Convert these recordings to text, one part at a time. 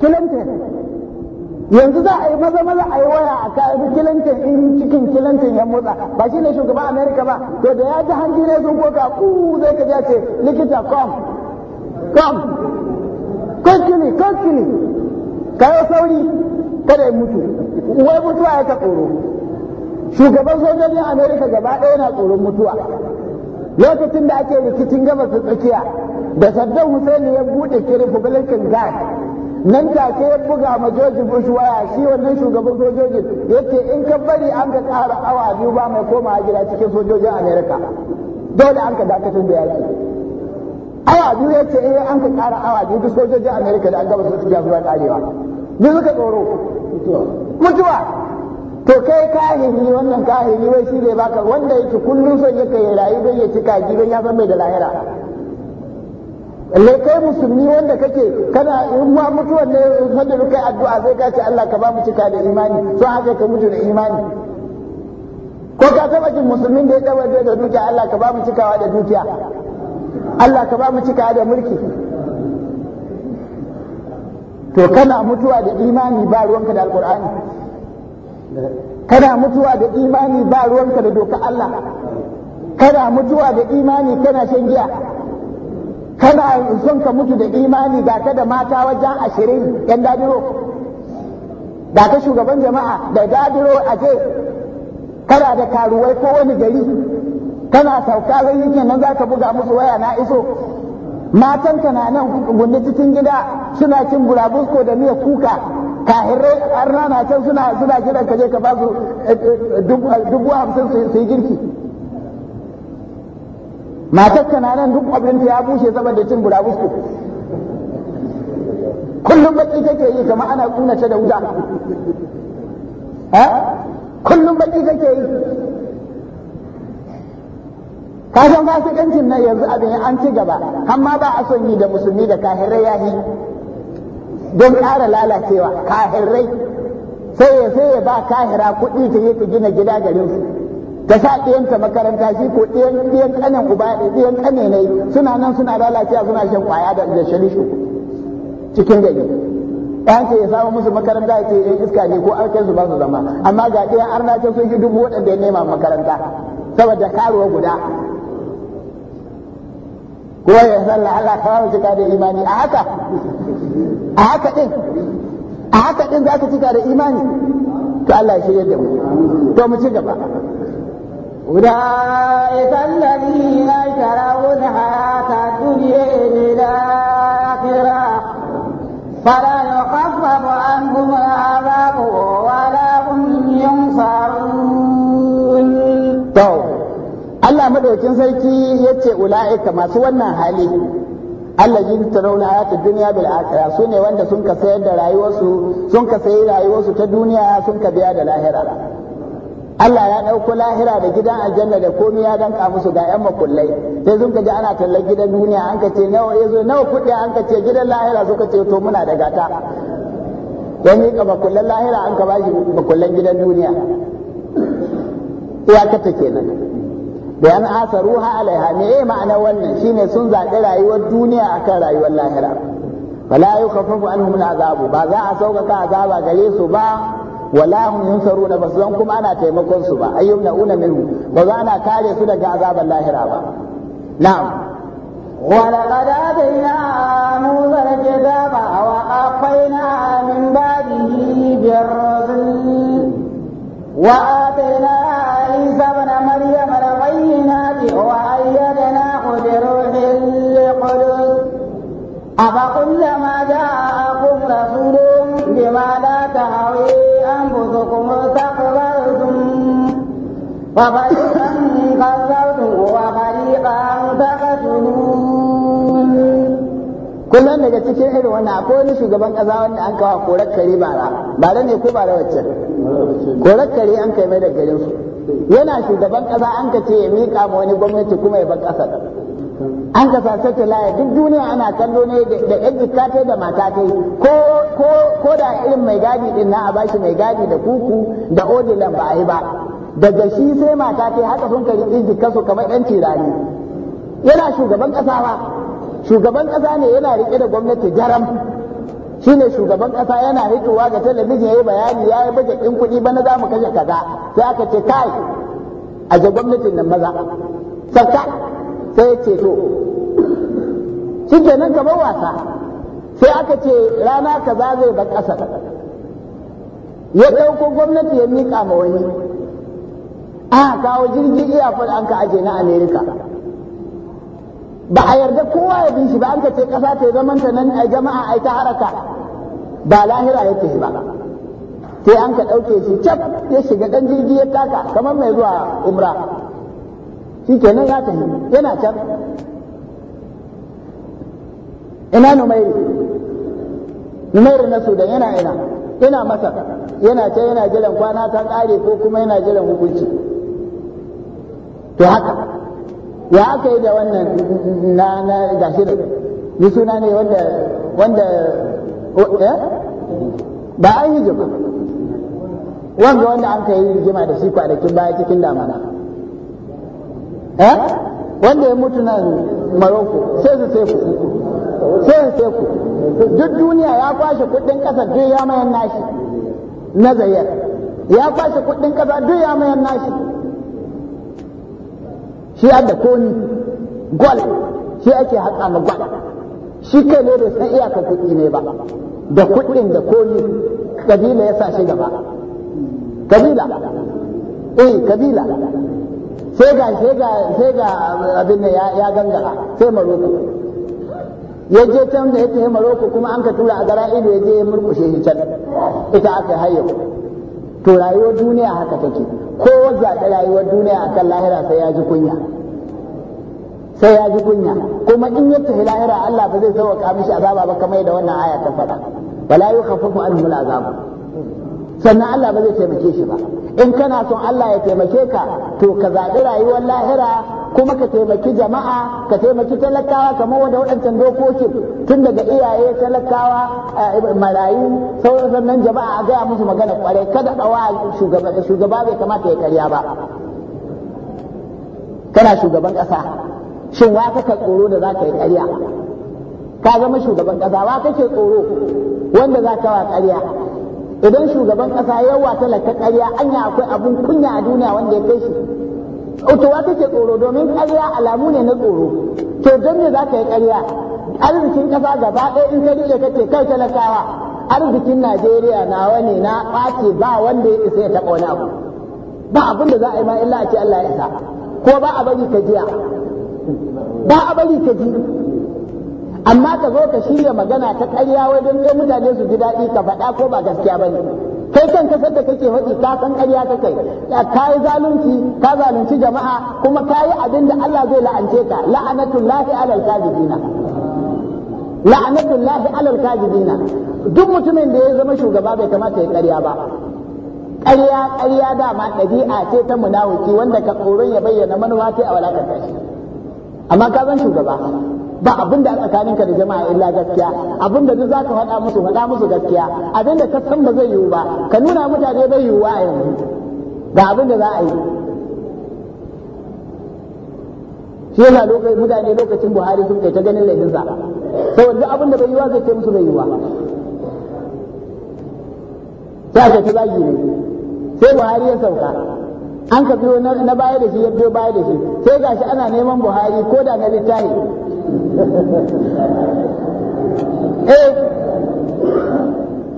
kilantin yanzu za a yi maza maza a yi waya a kayan kilantin in cikin kilantin ya motsa ba shi ne shugaban amerika ba to da ya ji hanji ne sun koka ku zai ka ce likita kom kom kokili kokili yi sauri kada ya mutu wai mutuwa ya ta tsoro shugaban sojojin amerika gaba ɗaya na tsoron mutuwa lokacin da ake rikicin gabas tsakiya da saddam hussein ya bude ke republican guard nan take ya buga ma George Bush waya shi wannan shugaban sojojin yake in ka bari an ka ƙara awa biyu ba mai koma gida cikin sojojin Amerika dole an ka dakatar da yaki awa biyu yace in an ka ƙara awa biyu duk sojojin Amerika da an gaba su tafiya zuwa karewa ni suka tsoro mutuwa to kai kahiri wannan kahiri wai shi ne baka wanda yake kullum son yake rayu don ya ci kaji don ya san mai da lahira Allah kai musulmi wanda kake kana in ma mutuwar ne wanda kai addu'a sai ka ce Allah ka ba mu cika da imani so haka ka mutu da imani ko ka taba jin musulmin da ya dawo da dukiya Allah ka ba mu cikawa da dukiya Allah ka ba mu cikawa da mulki to kana mutuwa da imani ba ruwanka da alqur'ani kana mutuwa da imani ba ruwanka da doka Allah kana mutuwa da imani kana shan giya kana son ka mutu da imani ga ka da mata wajen ashirin yan dadiro da ka shugaban jama'a da dadiro a ce kana da karuwai ko wani gari kana sauka zai yi kenan za ka buga musu waya na iso matan ka na nan gunde cikin gida suna cin burabusko da miya kuka kahirai arna na can suna suna kiran ka je ka ba su eh, eh, dubu hamsin su yi girki matar na nan duk kwabrinta ya bushe saboda cin burabusku kullum baki take yi kamar ana kunace da wuta kullum baki take yi ka san fasikancin nan yanzu abin an ci gaba amma ba a son yi da musulmi da kahirai yi don ƙara lalacewa kahirai sai ya sai ya ba kahira kuɗi ta yi ta gina gida garinsu ta sa ɗiyanta makaranta shi ko ɗiyan ƙanen uba ne ɗiyan ƙane ne suna nan suna lalacewa suna shan ƙwaya da shalishu cikin gari ɗan ce ya samu musu makaranta ya ce in eh, iska ne ko arkan su ba su zama amma ga ɗiyan arna ce sun shi dubu waɗanda ya nema makaranta saboda karuwa guda ko ya san Allah kawo cika da imani a haka a haka ɗin a haka ɗin za ka cika da imani to Allah ya shirya da mu to mu ci gaba أولئك الذين اشتروا الحياة الدنيا بالآخرة فلا يخفف عنهم العذاب ولا هم ينصرون طو Allah madaukin sarki ya ce ula'ika masu wannan hali allazi tarawna hayatid duniya bil su sune wanda sun ka sayar da rayuwarsu sun ka sayi rayuwarsu ta duniya sun ka biya da lahira Allah ya ɗauko lahira da gidan aljanna da komai ya danka musu ga yan makullai sai sun ka ji ana tallar gidan duniya an ka ce nawa yazo nawa kuɗi an ka ce gidan lahira suka ce to muna da gata ya miƙa makullan lahira an ka bashi makullan gidan duniya kata kenan da yan asa ruha alaiha me ye ma'ana wannan shine sun zaɓi rayuwar duniya akan rayuwar lahira fala yukhaffafu anhum al'azabu ba za a sauƙaƙa azaba gare su ba wala hum yunsaruna ba zan kuma ana taimakon su ba ayyum na'una minhu ba za ana kare su daga azaban lahira ba na'am ولقد آتينا موسى الكتاب وقفينا من بعده بالرسل وآتينا عيسى ابن مريم البينات وأيدناه بروح القدس أفكلما جاءكم رسول بما لا تهوي منكم استقبلتم ففريقا وفريقا تقتلون kullum daga cikin irin wannan akwai wani shugaban ƙasa wanda an kawo korar kare bara da ne ko ba da wacce korar kare an kai mai da garin yana shugaban ƙasa an ka ce ya miƙa ma wani gwamnati kuma ya bar ƙasa. an kasance ta laya duk duniya ana kallo ne da yan jikka da mata ta ko da irin mai gadi din na a bashi mai gadi da kuku da odilan ba a yi ba daga shi sai mata ta haka sun kari yan jikka su kamar yan tirani yana shugaban kasa ba shugaban kasa ne yana rike da gwamnati jaram shi ne shugaban kasa yana hitowa ga talabijin ya yi bayani ya yi ɗin kuɗi bana za mu kashe kaza sai aka ce kai a gwamnatin nan maza Sarka. sai ce to shi kenan kamar wasa sai aka ce rana kaza zai ba ƙasa ya ɗauko gwamnati ya miƙa ma wani a kawo jirgin iyakon an ka aje na amerika ba a yarda kowa ya bi shi ba an ka ce ƙasa ta zaman ta nan a jama'a a ta haraka ba lahira yake ba sai an ka ɗauke shi cap ya shiga ɗan jirgi ya taka kamar mai zuwa umra shi kenan ya tafi yana can ina Nu mairi na sudan yana ina ina masa yana can yana jiran kwana ta kare ko kuma yana jiran hukunci to haka ya aka yi da wannan na na gashi da ni suna ne wanda wanda eh? ba an yi jima wanda wanda an ka yi jima da shi kwanakin baya cikin damana Eh? wanda ya mutu nan Maroko sai su sai ku sai su sai ku duk duniya ya kwashe kudin kasa duk ya mayar nashi na zayyar ya kwashe kudin kasa duk ya mayar nashi shi da koni gwal shi ake hatsa na gwal shi kai ne bai san iyakar kuɗi ne ba da kuɗin da koni kabila ya sa shi gaba kabila eh kabila sai ga sai ga sai ga abin ya gangara sai maroko ya je can da yake maroko kuma an ka tura a gara ido ya je ya murkushe shi can ita aka hayyo. to rayuwar duniya haka take ko wanda rayuwar duniya akan lahira sai ya ji kunya sai ya ji kunya kuma in ya tafi lahira Allah ba zai sauka mishi azaba ba kamar yadda wannan aya ta faɗa wala yukhaffafu anhu al-azab sannan Allah ba zai taimake shi ba in kana son Allah ya taimake ka to ka zaɓi rayuwar lahira kuma ka taimaki jama'a ka taimaki talakawa kamar wanda waɗancan dokoki tun daga iyaye talakawa marayu sauran sannan jama'a a gaya musu magana kwarai kada ɗawa shugaba bai kamata ya karya ba kana shugaban ƙasa shin wa kaka tsoro da za ka yi karya ka zama shugaban ƙasa wa kake tsoro wanda za ka wa karya idan shugaban kasa yawa talaka ƙarya anya akwai abun kunya a duniya wanda ya kai shi utuwa take tsoro domin ƙarya alamu ne na tsoro to don me za ka yi ƙarya arzikin kasa gaba ɗaya in ka riƙe kake kai talakawa arzikin najeriya nawa ne na ɓace ba wanda ya isa ya taɓa wani abu ba abin da za a yi ma illa a ce allah ya isa ko ba a bari ka jiya ba a bari ka ji amma ka zo ka shirya magana ta ƙarya wajen don mutane su ji daɗi ka faɗa ko ba gaskiya ba ne kai kan kasar da kake faɗi ka san ƙarya ta kai ka yi zalunci ka zalunci jama'a kuma ka yi abin da Allah zai la'ance ka la'anatullahi alal kadibina la'anatullahi alal kadibina duk mutumin da ya zama shugaba bai kamata ya karya ba ƙarya ƙarya dama ɗabi'a ce ta munawuki wanda ka tsoron ya bayyana manufa ce a walakanta shi amma ka zan shugaba ba abin da tsakaninka da jama'a illa gaskiya abin da duk zaka faɗa musu faɗa musu gaskiya abin da ka san ba zai yiwu ba ka nuna mutane bai yiwu a yanzu ga abin da za a yi shi yana lokacin mutane lokacin Buhari sun kai ta ganin laifinsa saboda abin da bai yiwa zai ce musu bai yiwa sai aka ta zagi ne sai Buhari ya sauka an ka biyo na baya da shi ya biyo baya da shi sai gashi ana neman buhari ko da na littafi E,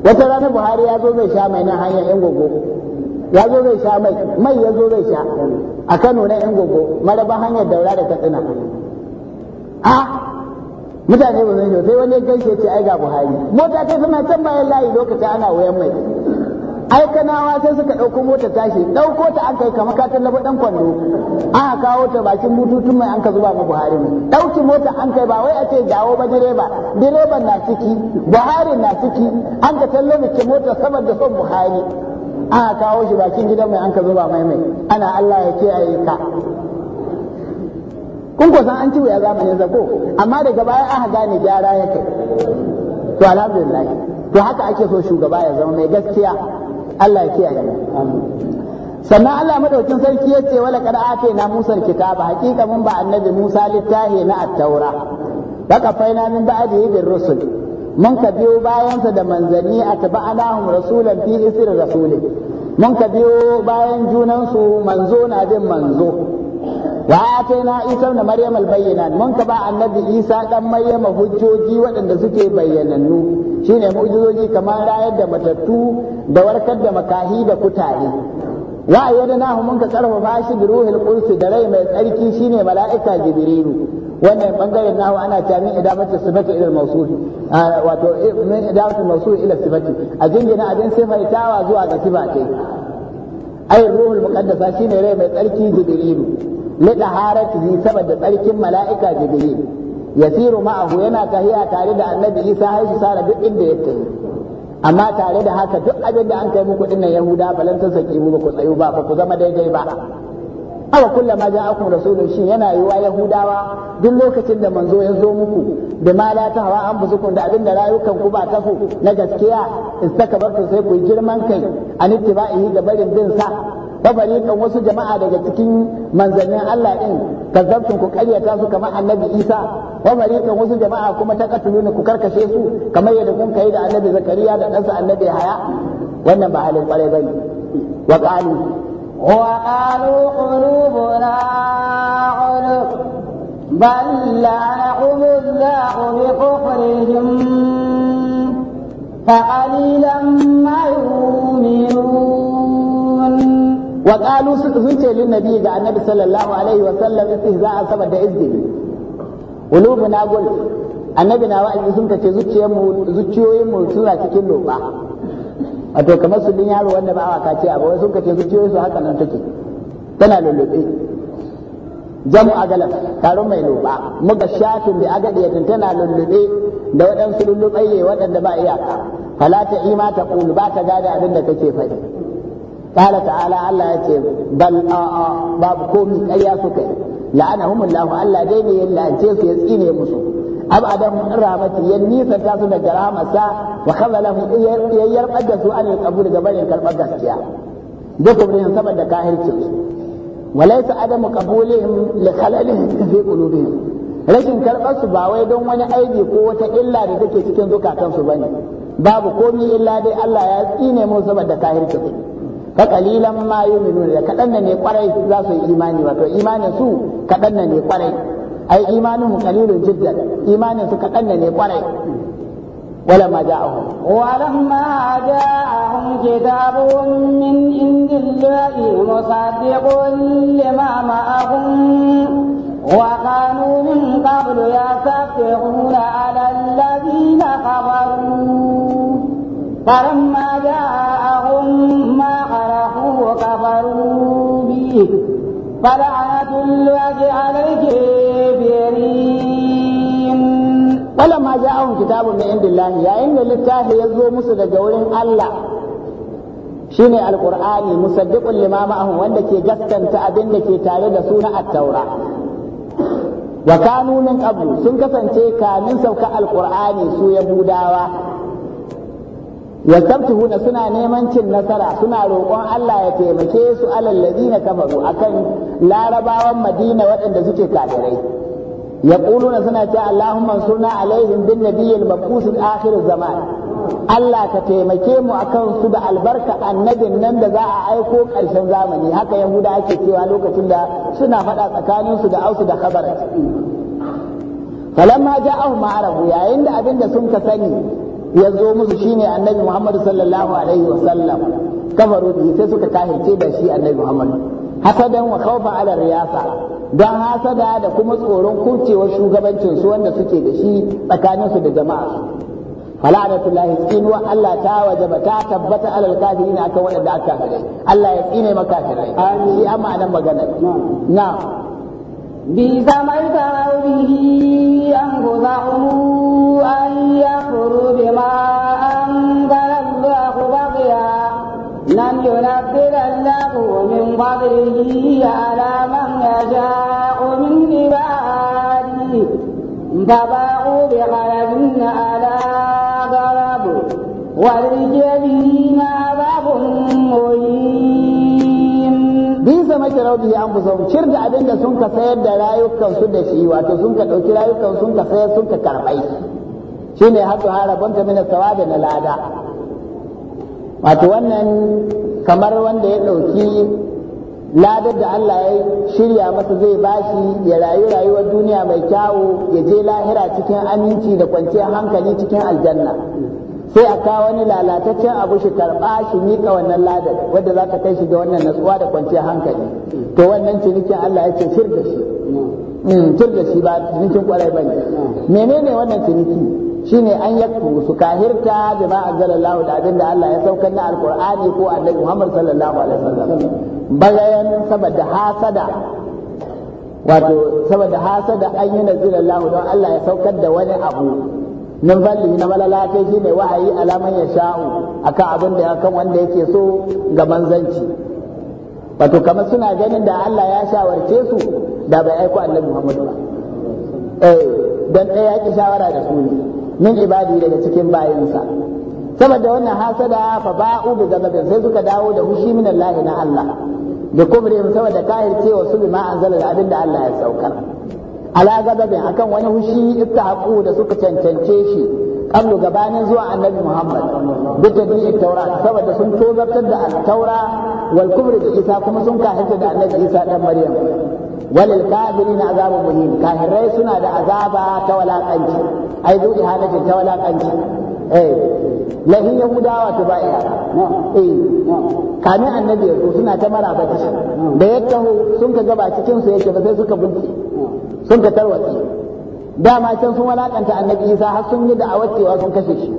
wata rana buhari ya zo zai sha mai na hanyar yan gogo ya zo zai sha mai mai ya zo zai sha a kano na yan gogo maraba hanyar daura da katsina a mutane ba zai sai wani ya gaishe ce ai ga buhari mota ta sama can bayan layi lokacin ana wayan mai ai kanawa sai suka ɗauko mota tashi ɗauko ta an kai kamar ka tallaba ɗan kwando aka kawo ta bakin bututun mai an ka zuba ma buhari ne ɗauki mota an kai ba wai a ce jawo ba direba direban na ciki buhari na ciki an ka ki mota saboda son buhari aka kawo shi bakin gidan mai an ka zuba mai mai ana allah ya kiyaye ka kun ko san an ci wuya zamanin zako amma daga baya aka gane gyara ya kai to alhamdulillah to haka ake so shugaba ya zama mai gaskiya Allah ya kiyaye sannan Allah madaukin sarki ya ce wala kada ake na Musa kitaba hakika mun ba annabi Musa littahi na at-taura baka faina min ba'di bil rusul mun ka biyo bayansa da manzani a tabi'anahum rasulan fi isir rasulin mun ka biyo bayan junansu manzo na bin manzo wa atayna isa ibn maryam bayyinat mun ka ba annabi isa dan maryama hujjoji waɗanda suke bayyanannu shine mu'jizoji kamar rayar da matattu da warkar da makahi da kutare wa ayyadnahu mun ka karfafa shi da ruhul quds da rai mai tsarki shine mala'ika jibrilu wannan bangaren nahu ana ta min idamatu sifati ila mawsul wato eh, min idamatu ila sifati a jingina abin sifaitawa zuwa ga sifati ayin ruhul muqaddasa shine rai mai tsarki jibrilu li taharatihi saboda tsarkin mala'ika jibril yasiru ma'ahu yana tahiya tare da annabi isa haishi sara duk inda ya tafi amma tare da haka duk abin da an kai muku dinnan yahuda balan ta saki mu ku tsayu ba ku zama daidai ba awa kullum ma ja'akum rasulun shin yana yiwa yahudawa duk lokacin da manzo ya zo muku da ma hawa an buzukun da abin da rayukan ku ba ta ku na gaskiya istakabartu sai ku girman kai an ittiba'ihi ga barin bin sa fafariqan wasu jama'a daga cikin manzannin Allah din kazzabtum ku karyata su kamar annabi Isa fafariqan wasu jama'a kuma ta katuluna ku karkashe su kamar yadda kun kai da annabi Zakariya da ɗansa annabi Haya wannan ba halin kwarai bane wa qalu وقالوا قلوبنا عنق بل لعنهم الله بكفرهم فقليلا ما يؤمنون wa qalu sun ce lin nabi da annabi sallallahu alaihi wa sallam istihza'a saboda izgili qulubuna gul annabi na wa'azi sun kace zuciyar mu zuciyoyin mu suna cikin loba to kamar su din yaro wanda ba waka ce abu sun ce zuciyoyin su haka nan take tana lulluɓe jamu agalaf taron mai loba muga shafin bi agadiyatin tana lulluɓe da waɗansu lulluɓai ne waɗanda ba iyaka fala ta ima ta ƙulu ba ta gada abin da kake faɗi قال تعالى ألا يتي بل آآ باب كومي كيا سكي لعنهم الله ألا ديني إلا أن تيسي يسئيني مسو أبعدهم رحمتي يني ستاسو دجرام سا وخذلهم مجسو أن يقبول جبالي كالمجس كيا دوكم لهم سبب دكاهر تيسو وليس عدم قبولهم لخللهم في قلوبهم rashin karɓar su ba wai don wani aibi ko wata illa da take cikin zukatansu bane babu komi illa dai Allah ya tsine mu saboda kahirci ka kalilan ma yi minu da kaɗan na ne kwarai za su yi imani wato imanin su kaɗan na ne kwarai ai imanin mu kalilun jidda imanin su kaɗan na ne kwarai wala ma ja'a hu wa lamma ja'a hum kitabun min indillahi musaddiqun lima ma'ahum wa kanu min qablu yastaqiruna ala alladhina kafaru فلما جاءهم ما عرفوا كفروا به فلعنة الله على الكافرين فلما جاءهم كتاب من عند الله يا إن لله يزو مسد جولين الله shine alqur'ani musaddiqun lima ma'ahum wanda ke gaskanta abin da ke tare da suna at-taura wa kanu min qablu sun kasance kamin sauka alqur'ani su yahudawa huna suna neman cin nasara suna roƙon Allah ya taimake su alal ladina kafaru akan larabawan Madina waɗanda suke kafirai yaquluna suna ce Allahumma sunna alaihim bin nabiyil mabqus akhir zaman Allah ka taimake mu akan su da albarka annabin nan da za a aiko ƙarshen zamani haka yahuda ake cewa lokacin da suna faɗa su da ausu da khabarat falamma ja'ahum ma'arabu yayin da abinda da sun ka sani ya zo musu shine annabi Muhammad sallallahu alaihi wa sallam kafaru bihi sai suka kahirce da shi annabi Muhammad hasadan wa khawfa ala riyasa don hasada da kuma tsoron kurcewar shugabancin su wanda suke da shi tsakanin su da jama'a in wa Allah ta wajaba ta tabbata alal kafirin akan waɗanda aka kafirai Allah ya tsine makafirai shi amma nan magana na'am بئس ما اشتروا به أنفسهم أن يكفروا بما أنزل الله بغيا لم ينزل الله من فضله على من يشاء من عباده فباقوا بغلب على غلب وللكافرين عذاب مهين ma sharau bihi anfusahum cir da abin da sun ka sayar da rayukan su da shi wato sun ka dauki rayukan sun ka sayar sun ka shine hatu harabanta min da na lada wato wannan kamar wanda ya ɗauki ladar da Allah ya shirya masa zai bashi ya rayu rayuwar duniya mai kyawu ya je lahira cikin aminci da kwanciyar hankali cikin aljanna sai a kawo wani lalataccen abu shi karɓa shi mika wannan ladar wadda za ka kai shi ga wannan natsuwa da kwanciyar hankali to wannan cinikin Allah ya ce shir da shi shir mm, da shi ba cinikin kwarai ba ne menene wannan ciniki shine an yakku su kahirta da ma anzalallahu da abinda Allah ya saukar na alqur'ani ko annabi Muhammad sallallahu alaihi wasallam bagayen saboda hasada wato saboda hasada an yi nazilallahu don Allah ya saukar da wani abu min balli na shi ne wahayi alaman ya sha'u akan abin da kan wanda yake so ga manzanci wato kamar suna ganin da Allah ya shawarce su da bai aiko annabi Muhammad ba eh dan ɗaya ya shawara da su min ibadi daga cikin bayinsa saboda wannan hasada fa ba'u bi gababin sai suka dawo da hushi min Allah na Allah da kubrin saboda kahirce wa su bi ma anzala da abin da Allah ya saukar ala gadabin akan wani hushi ittahabu da suka cancance shi qablu gabanin zuwa annabi Muhammad bita bi taura saboda sun tozartar da taura wal kubri da Isa kuma sun kahirta da annabi Isa dan Maryam walil kafirin azabu muhin kahirai suna da azaba ta walakanci ai zu ihanatin ta walakanci eh lahin yahudawa ta baya eh kamin annabi yanzu suna ta maraba da shi da ya sun ka gaba cikin su yake ba sai suka bunci sun ka tarwatsi dama can sun walakanta annabi isa har sun yi da'awar cewa sun kashe shi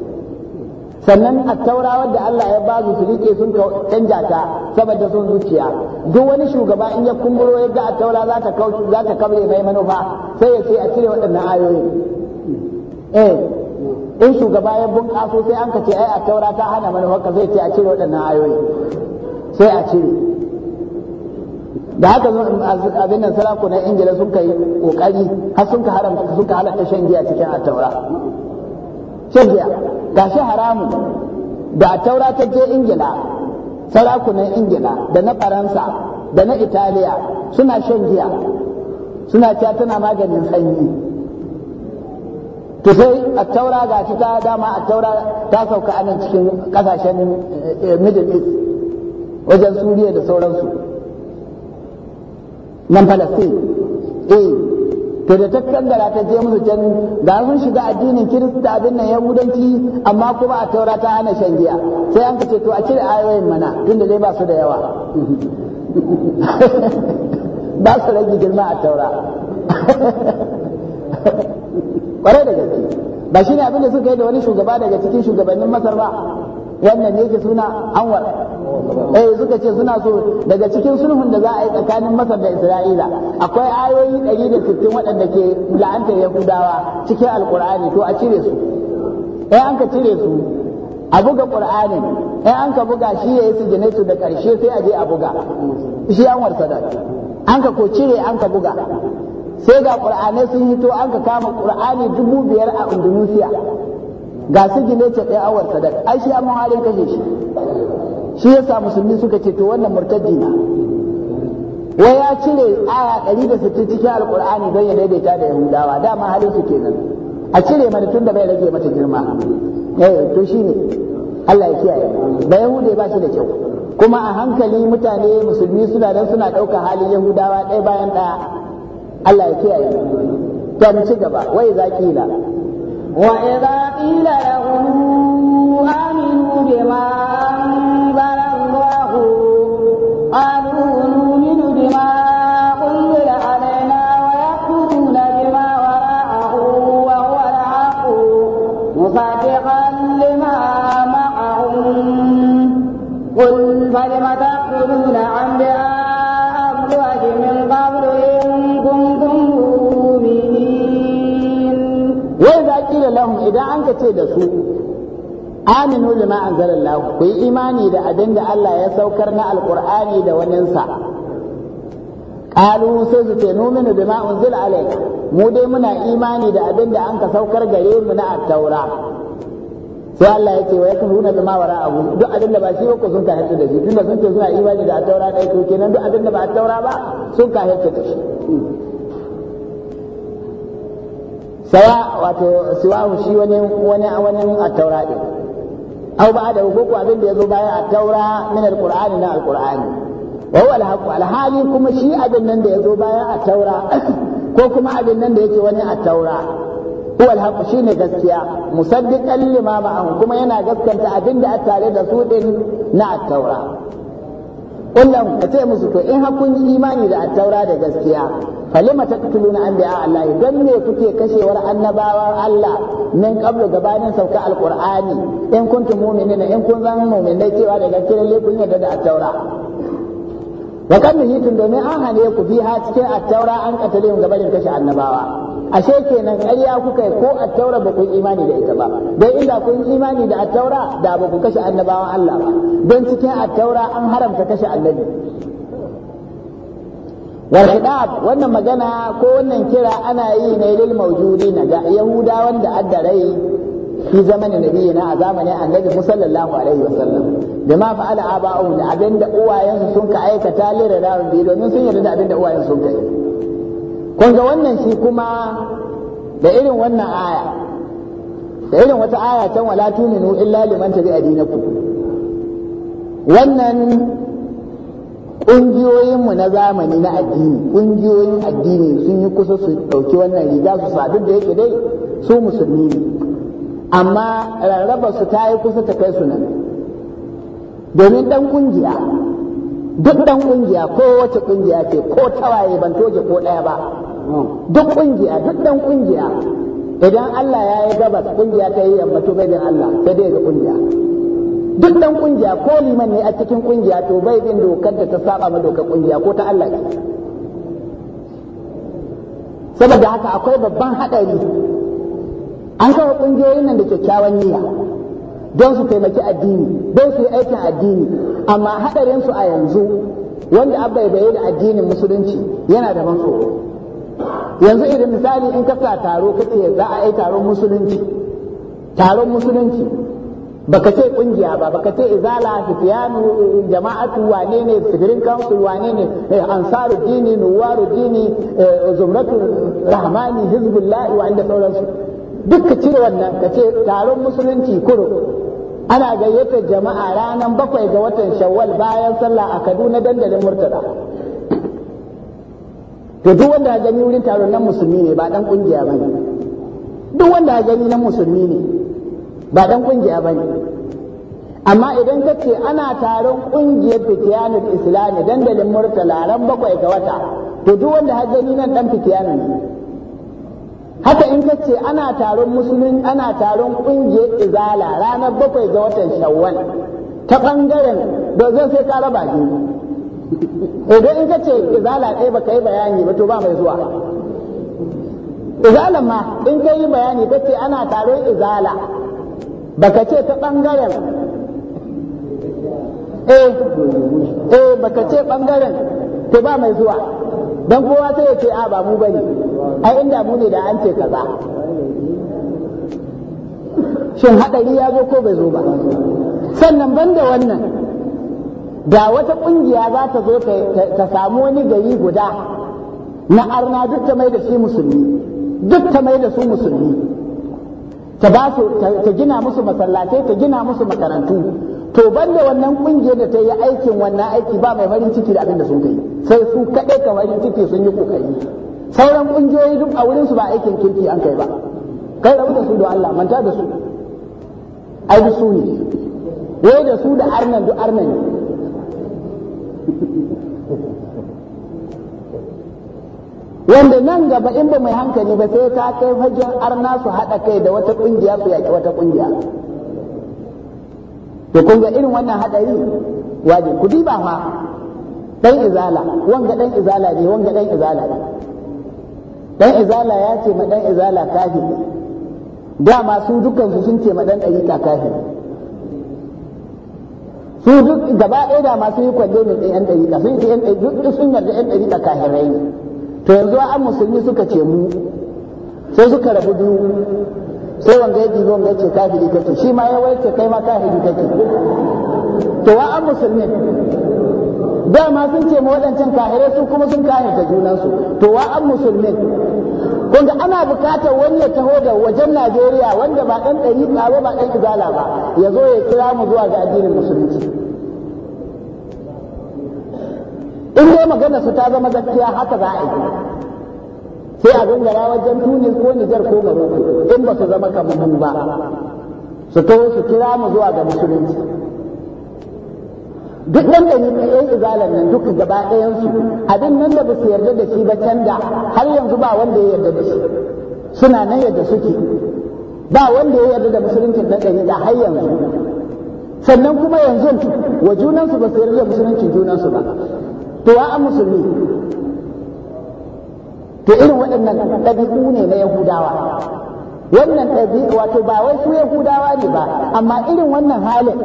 sannan a taurawar da Allah ya ba su rike sun canja ta saboda sun zuciya duk wani shugaba in ya kumburo ya ga a taura za ta za ta kabre mai manufa sai ya ce a cire waɗannan ayoyi eh in shugaba ya bunƙaso sai an ka ce ai a taura ta hana manufa ka zai ce a cire waɗannan ayoyi sai a cire da haka abin nan na ingila sun kai kokari har sun ka haramta sun ka halaka shan giya cikin ataura shan giya ga shi haramun da ataura ta je ingila na ingila da na faransa da na italiya suna shan giya suna cewa tana maganin sanyi to sai ga shi ta dama taura ta sauka anan cikin kasashen eh, eh, middle east wajen suriya da sauransu nan falastin eh to da da ta je musu can ga sun shiga addinin kirista abin nan yahudanci amma kuma a taura ta hana shan giya sai an ce to a cire ayoyin mana tunda dai ba su da yawa ba su rage girma a taura kwarai da gaske ba shi ne abin da suka yi da wani shugaba daga cikin shugabannin masar ba wannan ne ke suna anwar eh suka ce suna so daga cikin sulhun da za a yi tsakanin Masar da Isra'ila akwai ayoyi 160 waɗanda ke la'antar Yahudawa cikin Alƙur'ani to a cire su eh an ka cire su a buga Qur'anin eh an ka buga shi ya yi su da ƙarshe sai a je a buga shi an da an ka ko cire an ka buga sai ga ƙur'anai sun hito an ka kama ƙur'ani dubu biyar a Indonesia ga su gine ce ɗaya warsa da ai shi an muhalin kashe shi shi sa musulmi suka ce to wannan murtaddi na wa ya cire aya 160 cikin alkur'ani don ya daidaita da yahudawa dama halin su kenan a cire mana tun da bai rage mata girma eh to ne. Allah ya kiyaye ba yahude ba shi da kyau kuma a hankali mutane musulmi suna dan suna ɗauka halin yahudawa ɗaya bayan ɗaya Allah ya kiyaye to mu ci gaba wai za kila wa idza qila lahum aminu bima مصدقا لما معهم قل فلم تقتلون أنبياء الله من قبل إن كنتم مؤمنين وإذا قيل لهم إذا أنت تدسوا aminu lima anzalallahu ku yi imani da abin da Allah ya saukar na alkur'ani da sa. qalu sai su ce numinu bima unzila alayk mu dai muna imani da abin da ka saukar gare mu na at-taura sai Allah ya ce wa yakfuruna bima abu duk abin da ba shi ba ko sun ka kafirce da shi tunda sun ce suna imani da taura dai to kenan duk abin da ba taura ba sun kafirce da shi sawa wato siwahu shi wani wani wani a taura din aw ba da ko abin da yazo baya a taura min al na al wa huwa alhaq haqqu hali kuma shi abin nan da yazo baya a taura ko kuma abin nan da yake wani a taura huwa alhaq shine gaskiya musaddiqan lima ma'ahum kuma yana gaskanta abinda a tare da su din na at-taura kullum ka ce musu to in hakun yi imani da Attaura taura da gaskiya falima an anbiya Allah dan me kuke kashewar annabawan Allah min qablu gabanin sauka alqur'ani in kuntum mu'minina in kun zan mu'minai cewa da gaskiya lalle kun yarda da at-taura wa kan domin an hane ku ha cikin Attaura taura an katale gabanin kashe annabawa ashe kenan ayya kuka yi ko attaura da kun imani da aka ba don inda kun imani da attaura da abokan kashe annabawan allah don cikin attaura an haramta kashe annabi wani shidab wannan magana ko wannan kira ana yi mai lilmau juri na ga yahudawan da adarai su zama na na a zamanin annabi musallar lahu alaihi wa sallam dama'a al'adun abu ya wane abinda uwa sun ka aikata laifin da dawun biyu domin sun yarda da abinda uwa yaushe sun kai. Kunga wannan shi kuma da irin wannan aya da irin wata aya can wala tuminu illa liman tabi dinakum wannan ƙungiyoyinmu na zamani na addini ƙungiyoyin addini sun yi kusa su ɗauki wannan riga su sadu da yake dai su musulmi ne amma rarraba su ta yi kusa ta kai su nan domin ɗan ƙungiya duk ɗan ƙungiya ko wace ƙungiya ce ko tawaye ban toke ko ɗaya ba duk kungiya duk dan kungiya idan Allah ya yi gabas kungiya ta yi yamma to bai bin Allah sai dai ga kungiya duk dan kungiya ko liman ne a cikin kungiya to bai bin dokar da ta saba ma dokar kungiya ko ta Allah saboda haka akwai babban hadari an kawo kungiyoyin nan da kyakkyawan niyya don su taimaki addini don su yi aikin addini amma hadarin su a yanzu wanda abba ya da addinin musulunci yana da ban tsoro yanzu idan misali in ka sa taro kace za a yi taron musulunci taron musulunci baka ce kungiya ba baka ce izala fitiyanu jama'atu wane ne sigirin kansu wane ne eh, ansaru dini nuwaru dini eh, zumratu rahmani hizbullahi wa inda sauransu duk ka cire wannan ka ce taron musulunci kuro ana gayyata jama'a ranar bakwai ga watan shawwal bayan sallah a kaduna dandalin murtada to duk wanda ya gani wurin taron nan musulmi ne ba dan kungiya ba ne duk wanda ya gani nan musulmi ne ba dan kungiya ba ne amma idan ka ce ana taron kungiyar fitiyanin islami dandalin murtala ran bakwai ga wata to duk wanda ya gani nan dan fitiyanin ne haka in ka ce ana taron musulmi ana taron kungiyar izala ranar bakwai ga watan shawwal ta bangaren da zai sai ka raba idan in ka ce izala ba baka yi bayani ba to ba mai zuwa izalan ma in ka yi bayani ka ce ana taron izala baka ce ta ɓangaren eh eh ka ce ɓangaren to ba mai zuwa don kowa sai ya ce a ba mu bane ai inda mu ne da an ce kaza shin haɗari ya zo ko bai zo ba sannan banda wannan da wata ƙungiya za ta zo ta samu wani gari guda na arna duk ta mai da shi musulmi duk ta mai da su musulmi ta ba su ta gina musu masallatai ta gina musu makarantu to banda wannan ƙungiyar da ta yi aikin wannan aiki ba mai farin ciki da abin da sun kai sai su kaɗai ka farin ciki sun yi kokari sauran ƙungiyoyi duk a wurin su ba aikin kirki an kai ba kai rabu da su da Allah manta da su ai su ne wai da su da arnan duk arnan wanda nan gaba in ba mai hankali ba sai ta kai fagen arna su haɗa kai da wata ƙungiya su yaƙi wata ƙungiya to kun ga irin wannan haɗari waje ku diba ma ɗan izala wanga ɗan izala ne wanga ɗan izala ne ɗan izala ya ce ma ɗan izala kafiri dama su sun ce ma ɗan ɗariƙa kafiri su duk gaba ɗaya da masu yi kwalle ne ɗaya yan ɗariƙa sun yi yan ɗariƙa duk sun yarda yan ɗariƙa kahirai ne to yanzu an musulmi suka ce mu sai suka rabu biyu sai wanda ya dibi mai ya ce kafiri kake shi ma ya ce kai ma kafiri kake to wa an musulmi dama sun ce ma waɗancan kahirai su kuma sun kahirta junansu to wa an musulmi wanda ana bukatar wani ya taho da wajen Najeriya wanda ba ɗan ɗari ba ba ɗan izala ba ya zo ya kira mu zuwa ga addinin musulunci in dai magana su ta zama gaskiya haka za a yi sai a da wajen tuni ko nijar ko maroko in ba su zama kamar mu ba su kawo su kira mu zuwa ga musulunci duk nan da yan izalan nan duka gaba ɗayansu abin nan da ba su yarda da shi ba canja har yanzu ba wanda ya yarda da shi suna nan yadda suke ba wanda ya yarda da musuluncin na ɗari da har yanzu sannan kuma yanzu wa junansu ba su yarda da musuluncin junansu ba to an musulmi to irin waɗannan ɗabi'u ne na yahudawa wannan ɗabi'u wato ba wai su yahudawa ne ba amma irin wannan halin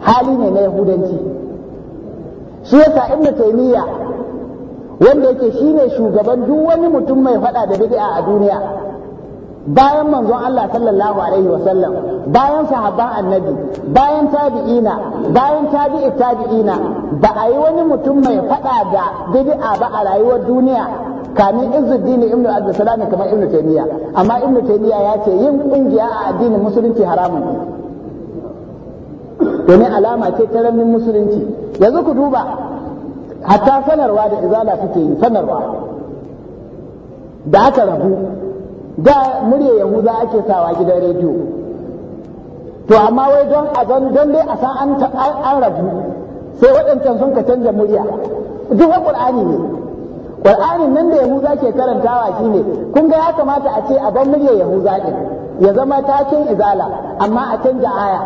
hali ne na yahudanci shi yasa ibnu taymiya wanda yake shine shugaban duk wani mutum mai faɗa da bid'a a duniya bayan manzon Allah sallallahu alaihi wasallam bayan sahabban annabi bayan tabi'ina bayan tabi'i tabi'ina ba a yi wani mutum mai fada da bid'a ba a rayuwar duniya kamin izuddin ibnu Abdussalam kamar ibnu Taymiya amma ibnu Taymiya ya ce yin kungiya a addinin musulunci haramun domin alama ce ta ramin musulunci yanzu ku duba hatta sanarwa da izala suke yi sanarwa da aka rabu da murya Yahuza ake sawa gidan rediyo to amma wai don a don dai a san an an rabu sai waɗancan sun ka canza murya duk wa ne qur'anin nan da Yahuza ke karantawa shine kun ga ya kamata a ce a ban murya Yahuza din ya zama takin izala amma a canja aya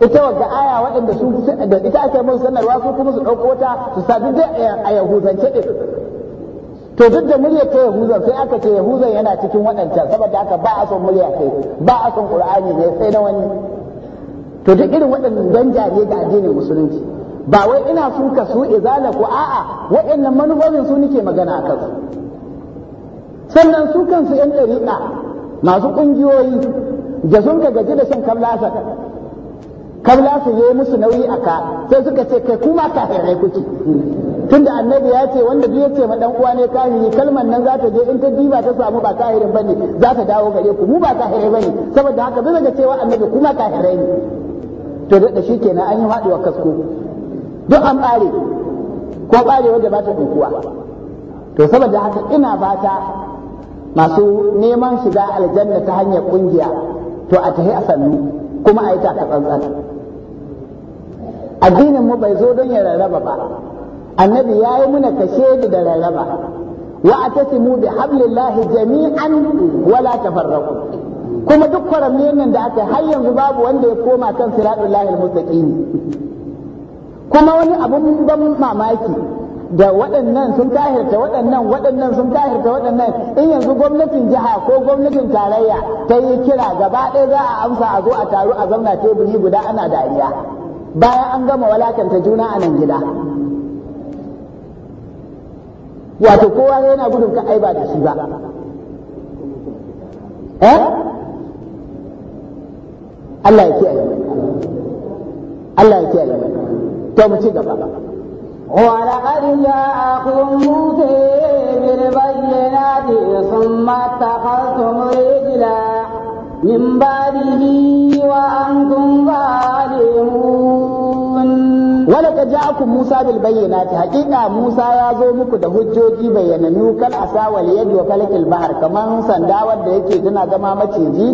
ita wadda aya waɗanda su da ita ake mun sanarwa su kuma su ɗauko wata su sabi a yahudance din to duk da muryar ta yahuza sai aka ce yahuzan yana cikin waɗancan saboda haka ba a son murya sai ba a son qur'ani ne sai na wani to duk irin waɗannan don jariye da addinin musulunci ba wai ina sun ka su izala ko a'a waɗannan manufofin su nake magana a kansu sannan su kansu yan ɗariƙa masu ƙungiyoyi da sun ka gaji da shan kamlasa kabla su yi musu nauyi a ka sai suka ce kai kuma ka kafirai kuke tunda annabi ya ce wanda duk ce ma dan uwa ne ni kalmar nan za ta je in ta diba ta samu ba kafirin bane za ta dawo gare ku mu ba kafirai bane saboda haka bisa ga cewa annabi kuma kafirai ne to da shi kenan an yi haɗuwa kasko duk an bare ko bare wanda ba ta dukuwa to saboda haka ina bata masu neman shiga aljanna ta hanyar kungiya to a tahi a sannu kuma a yi taka tsantsan addinin mu bai zo don ya rarraba ba annabi ya yi muna kashe da rarraba wa atasimu bi hablillahi jami'an wala tafarraqu kuma duk kwaramniyan nan da aka har yanzu babu wanda ya koma kan siratul lahil mustaqim kuma wani abun ban mamaki da waɗannan sun tahirta waɗannan waɗannan sun tahirta waɗannan in yanzu gwamnatin jiha ko gwamnatin tarayya ta yi kira gaba ɗaya za a amsa a zo a taru a zauna teburi guda ana dariya bayan an gama walakanta juna a nan gida wato kowa yana gudun ka aiba da shi ba eh Allah ya kiyaye Allah ya kiyaye to mu ci gaba ولقد جاءكم موسى بالبينات ثم اتخذتم رجلا من بعده وأنتم Musa ولقد جاءكم موسى بالبينات حقيقة موسى يازو مكو ده hujjoji bayyananu kal asa wal yad wa falakil bahar kaman sanda wanda yake tana zama maciji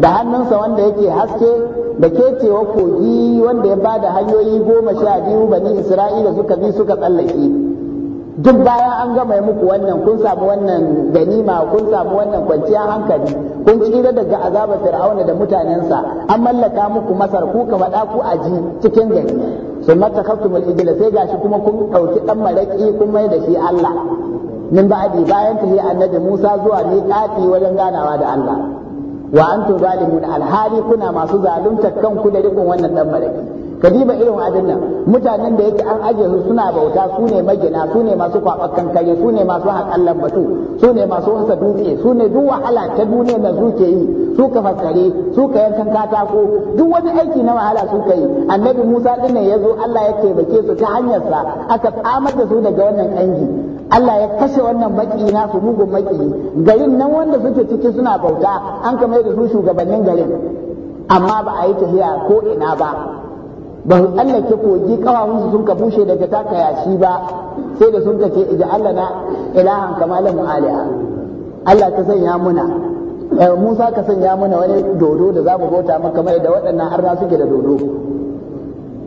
da hannunsa wanda yake haske da kecewa kogi wanda ya ba da hanyoyi goma sha biyu bani isra'ila suka biyu suka tsallake duk bayan an gama mai muku wannan kun samu wannan ganima kun samu wannan kwanciyar hankali kun tsira daga azabar fir'auna da mutanensa an mallaka muku masar ku ka faɗa ku aji cikin gari sun mata kaftumul ijila sai gashi kuma kun ɗauki ɗan maraƙi kun mai da shi Allah min ba'adi bayan tahi annabi Musa zuwa ne kafi wajen ganawa da Allah wa antum zalimun alhali kuna masu zalunta kanku da rikon wannan ɗan maraƙi kadiba irin abin nan mutanen da yake an ajiye su suna bauta su ne magina su ne masu kwabakan kare su ne masu haƙallan batu su ne masu wasa dutse su ne duk wahala ta duniya da su yi su ka fassare su ka yankan katako duk wani aiki na wahala su ka yi annabi musa din ne yazo Allah ya taimake su ta hanyar sa aka tsamar da su daga wannan kangi Allah ya kashe wannan maki na su mugun maki garin nan wanda suke ciki suna bauta an kamar da su shugabannin garin amma ba a yi tafiya ko ina ba ba su tsallake kogi kawawansu sun ka bushe daga taka yashi ba sai da sun ka ce ija Allah na ilahan kamalan mu'ali'a. Allah ka sanya muna eh, Musa ka sanya muna wani dodo da za mu bauta maka kamar da waɗannan arna suke da dodo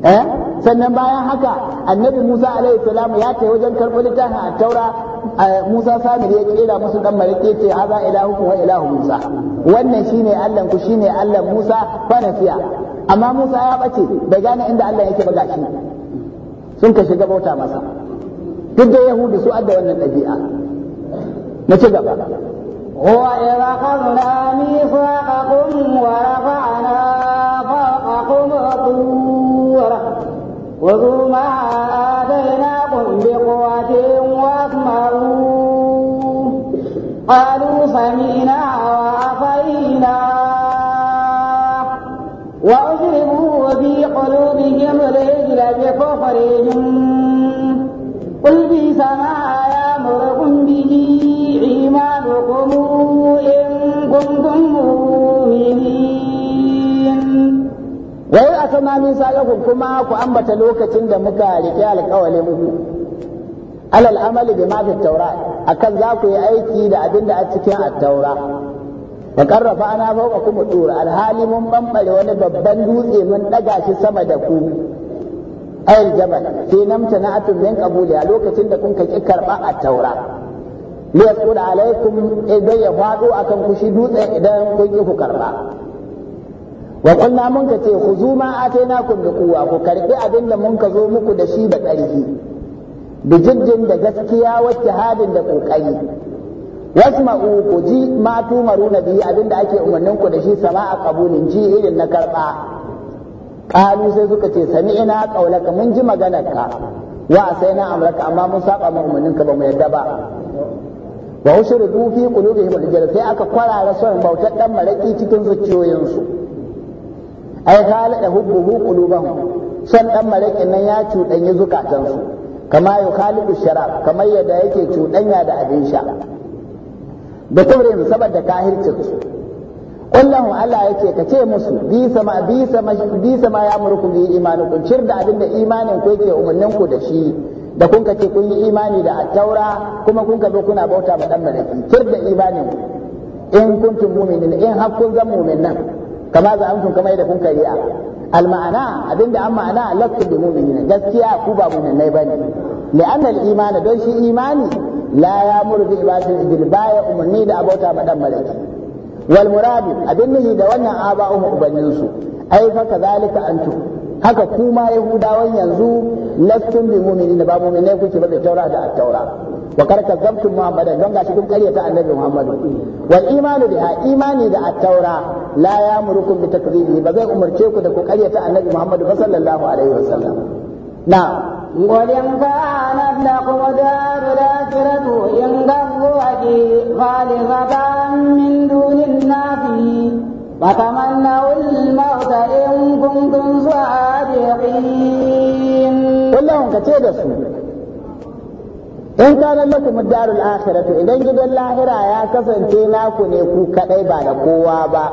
eh sannan bayan haka annabi Musa alaihi salam ya kai wajen karɓo littafin a taura eh, Musa Samir ya kera musu dan mariƙe ce haza ilahu wa ilahu Musa wannan shine Allah ku shine Allah Musa fa nasiya amma Musa ya bace bai gane inda Allah yake ba shi sun ka shiga bauta masa duk da Yahudi su adda wannan dabi'a na ci gaba wa irakanna ni faqakum wa rafa'ana faqakum tuwara wa zuma adaina kun bi wa asmaru qalu sami'na wa afaina wa بهم الإجلب كفرهم قل بئس ما يأمركم به إيمانكم إن كنتم مؤمنين wai a sama min salakun kuma ku ambata lokacin da muka riƙe alƙawalin ku alal amali bi ma fi taura akan za ku yi aiki da abinda a cikin taura wa qarrafa ana fawqa kuma tur alhali mun bambare wani babban dutse mun ɗaga shi sama da ku ayil jabal fi namta na'atun min qabuli a lokacin da kuka ƙi karba a taura li yasqul alaikum idan eh, ya akan kushi shi dutse idan kun ƙi ku karɓa. wa mun ka ce khuzu ma atainakum bi quwwa ku karɓi abin da mun ka zo muku da shi da ƙarfi bijijjin da gaskiya wacce hadin da ƙoƙari? wasma'u ku ji ma tumaruna bihi abinda ake umarnin ku da shi sama'a kabulin ji irin na karba qalu sai suka ce ina qaulaka mun ji maganarka wa sai na amraka amma mun saba ma umarnin ka ba mu yadda ba wa ushribu fi qulubihim al sai aka kwarara son bautar dan maraki cikin zuciyoyinsu ai halada hubbuhu qulubahum son dan marakin nan ya cuɗanye zukatansu kama yukhaliqu sharab kamar yadda yake cuɗanya da abin sha da kubrin saboda kahircin su kullahu Allah yake ka ce musu bi sama bi sama bi sama ya murku bi kun cir da abin da imanin ku yake umurnin ku da shi da kun ka ce kun yi imani da attaura kuma kun ka zo kuna bauta ma dan malaki cir da imanin ku in kuntum mu'minin in har kun zan mu'minan kama za amsun kuma yadda kun kariya al ma'ana abinda an ma'ana lakum bi mu'minin gaskiya ku ba mu'minai bane li'anna al imana don shi imani la ya muru bi ibadatil baya umarni da abota madan malaki wal muradi abin nuhi da wannan aba'uhum ubanninsu ai fa kadhalika antum haka kuma yahudawan yanzu lastun bi mu'minin ba mu'minai kuke ba da taura da at-taura wa kar kazzabtum muhammadan don gashi kun karyata annabi muhammadu wal imanu biha imani da at-taura la yamurukum bi takdhibihi ba zai umarce ku da ku karyata annabi muhammadu ba sallallahu alaihi wasallam na'am قل إن كانت لكم دار الآخرة عند الله خالصة من دون الناس فتمنوا الموت إن كنتم صادقين قل لهم كتير in kanan lakum darul akhiratu idan gidan lahira ya kasance naku ne ku kadai ba da kowa ba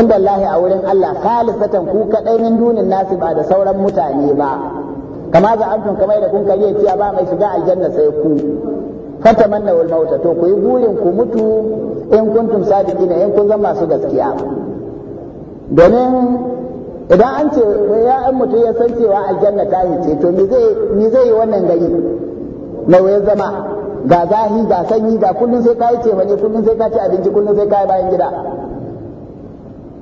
inda Allah a wurin Allah khalisatan ku kadai min dunin nasi ba da sauran mutane ba kama za tun kamar da kun kariya cewa ba mai shiga aljanna sai ku fatamanna wal mauta to ku yi burin ku mutu in kuntum sadiqina in kun zama masu gaskiya domin idan an ce ya an mutu ya san cewa aljanna ta yi ce to me zai yi wannan gari na waye zama ga zahi ga sanyi ga kullum sai kai ce wani kullum sai kai abinci kullum sai ka bayan gida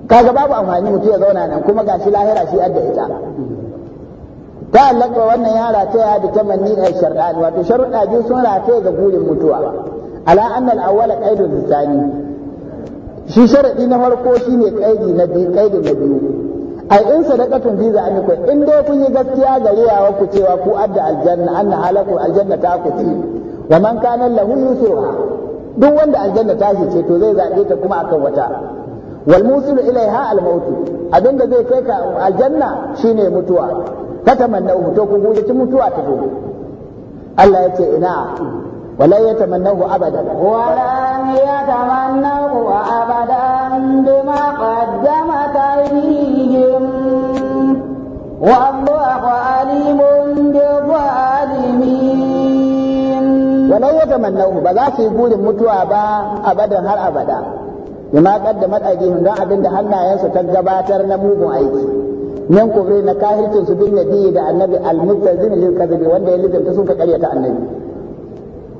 kaga babu amfani mutu ya zauna nan kuma gashi lahira shi adda ita ta allaka wannan ya rataya da tamanni a shar'ani wato sharuɗa biyu sun rataya ga burin mutuwa ala annal awwala qaidu tsani shi sharadi na farko shine qaidi na biyu qaidi na biyu ai in sadaqatun bi za amiku in dai kun yi gaskiya gare yawa ku cewa ku adda aljanna anna halaku aljanna ta ku ci wa man kana lahu yusuha duk wanda aljanna ta shi ce to zai zabe ta kuma akan wata wal musilu ilaiha al mautu abinda zai kai ka aljanna shine mutuwa fatamannahu to ku guje ci mutuwa ta zo Allah ya ce ina wala ya tamannahu abada wala ya tamannahu abadan bima qaddamat aydihim wallahu alimun bi zalimin wala ya tamannahu ba za su yi burin mutuwa ba abadan har abada bima qaddamat aydihim don da hannayensu ta gabatar na mugun aiki Nan kufri na kahircin su bin nabi da annabi al-mustazim lil kadhibi wanda ya lizanta sun ka karyata annabi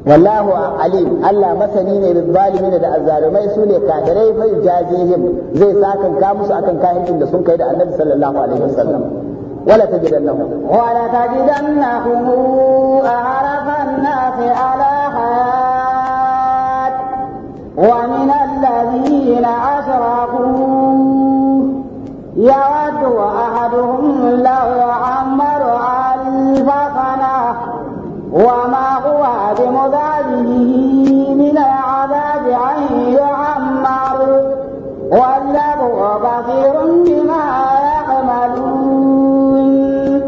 wallahu alim Allah masani ne bil zalimin da azzalumai sune ne kafirai fa jazihim zai sakan ka musu akan kahircin da sun kai da annabi sallallahu alaihi wasallam ولا تجدنهم ولا تجدنهم أعرف الناس على حياة ومن الذين أشركوا يود الله وعمر علي فقنا وما هو بمذاجه من العذاب عن يعمر والله هو بخير بما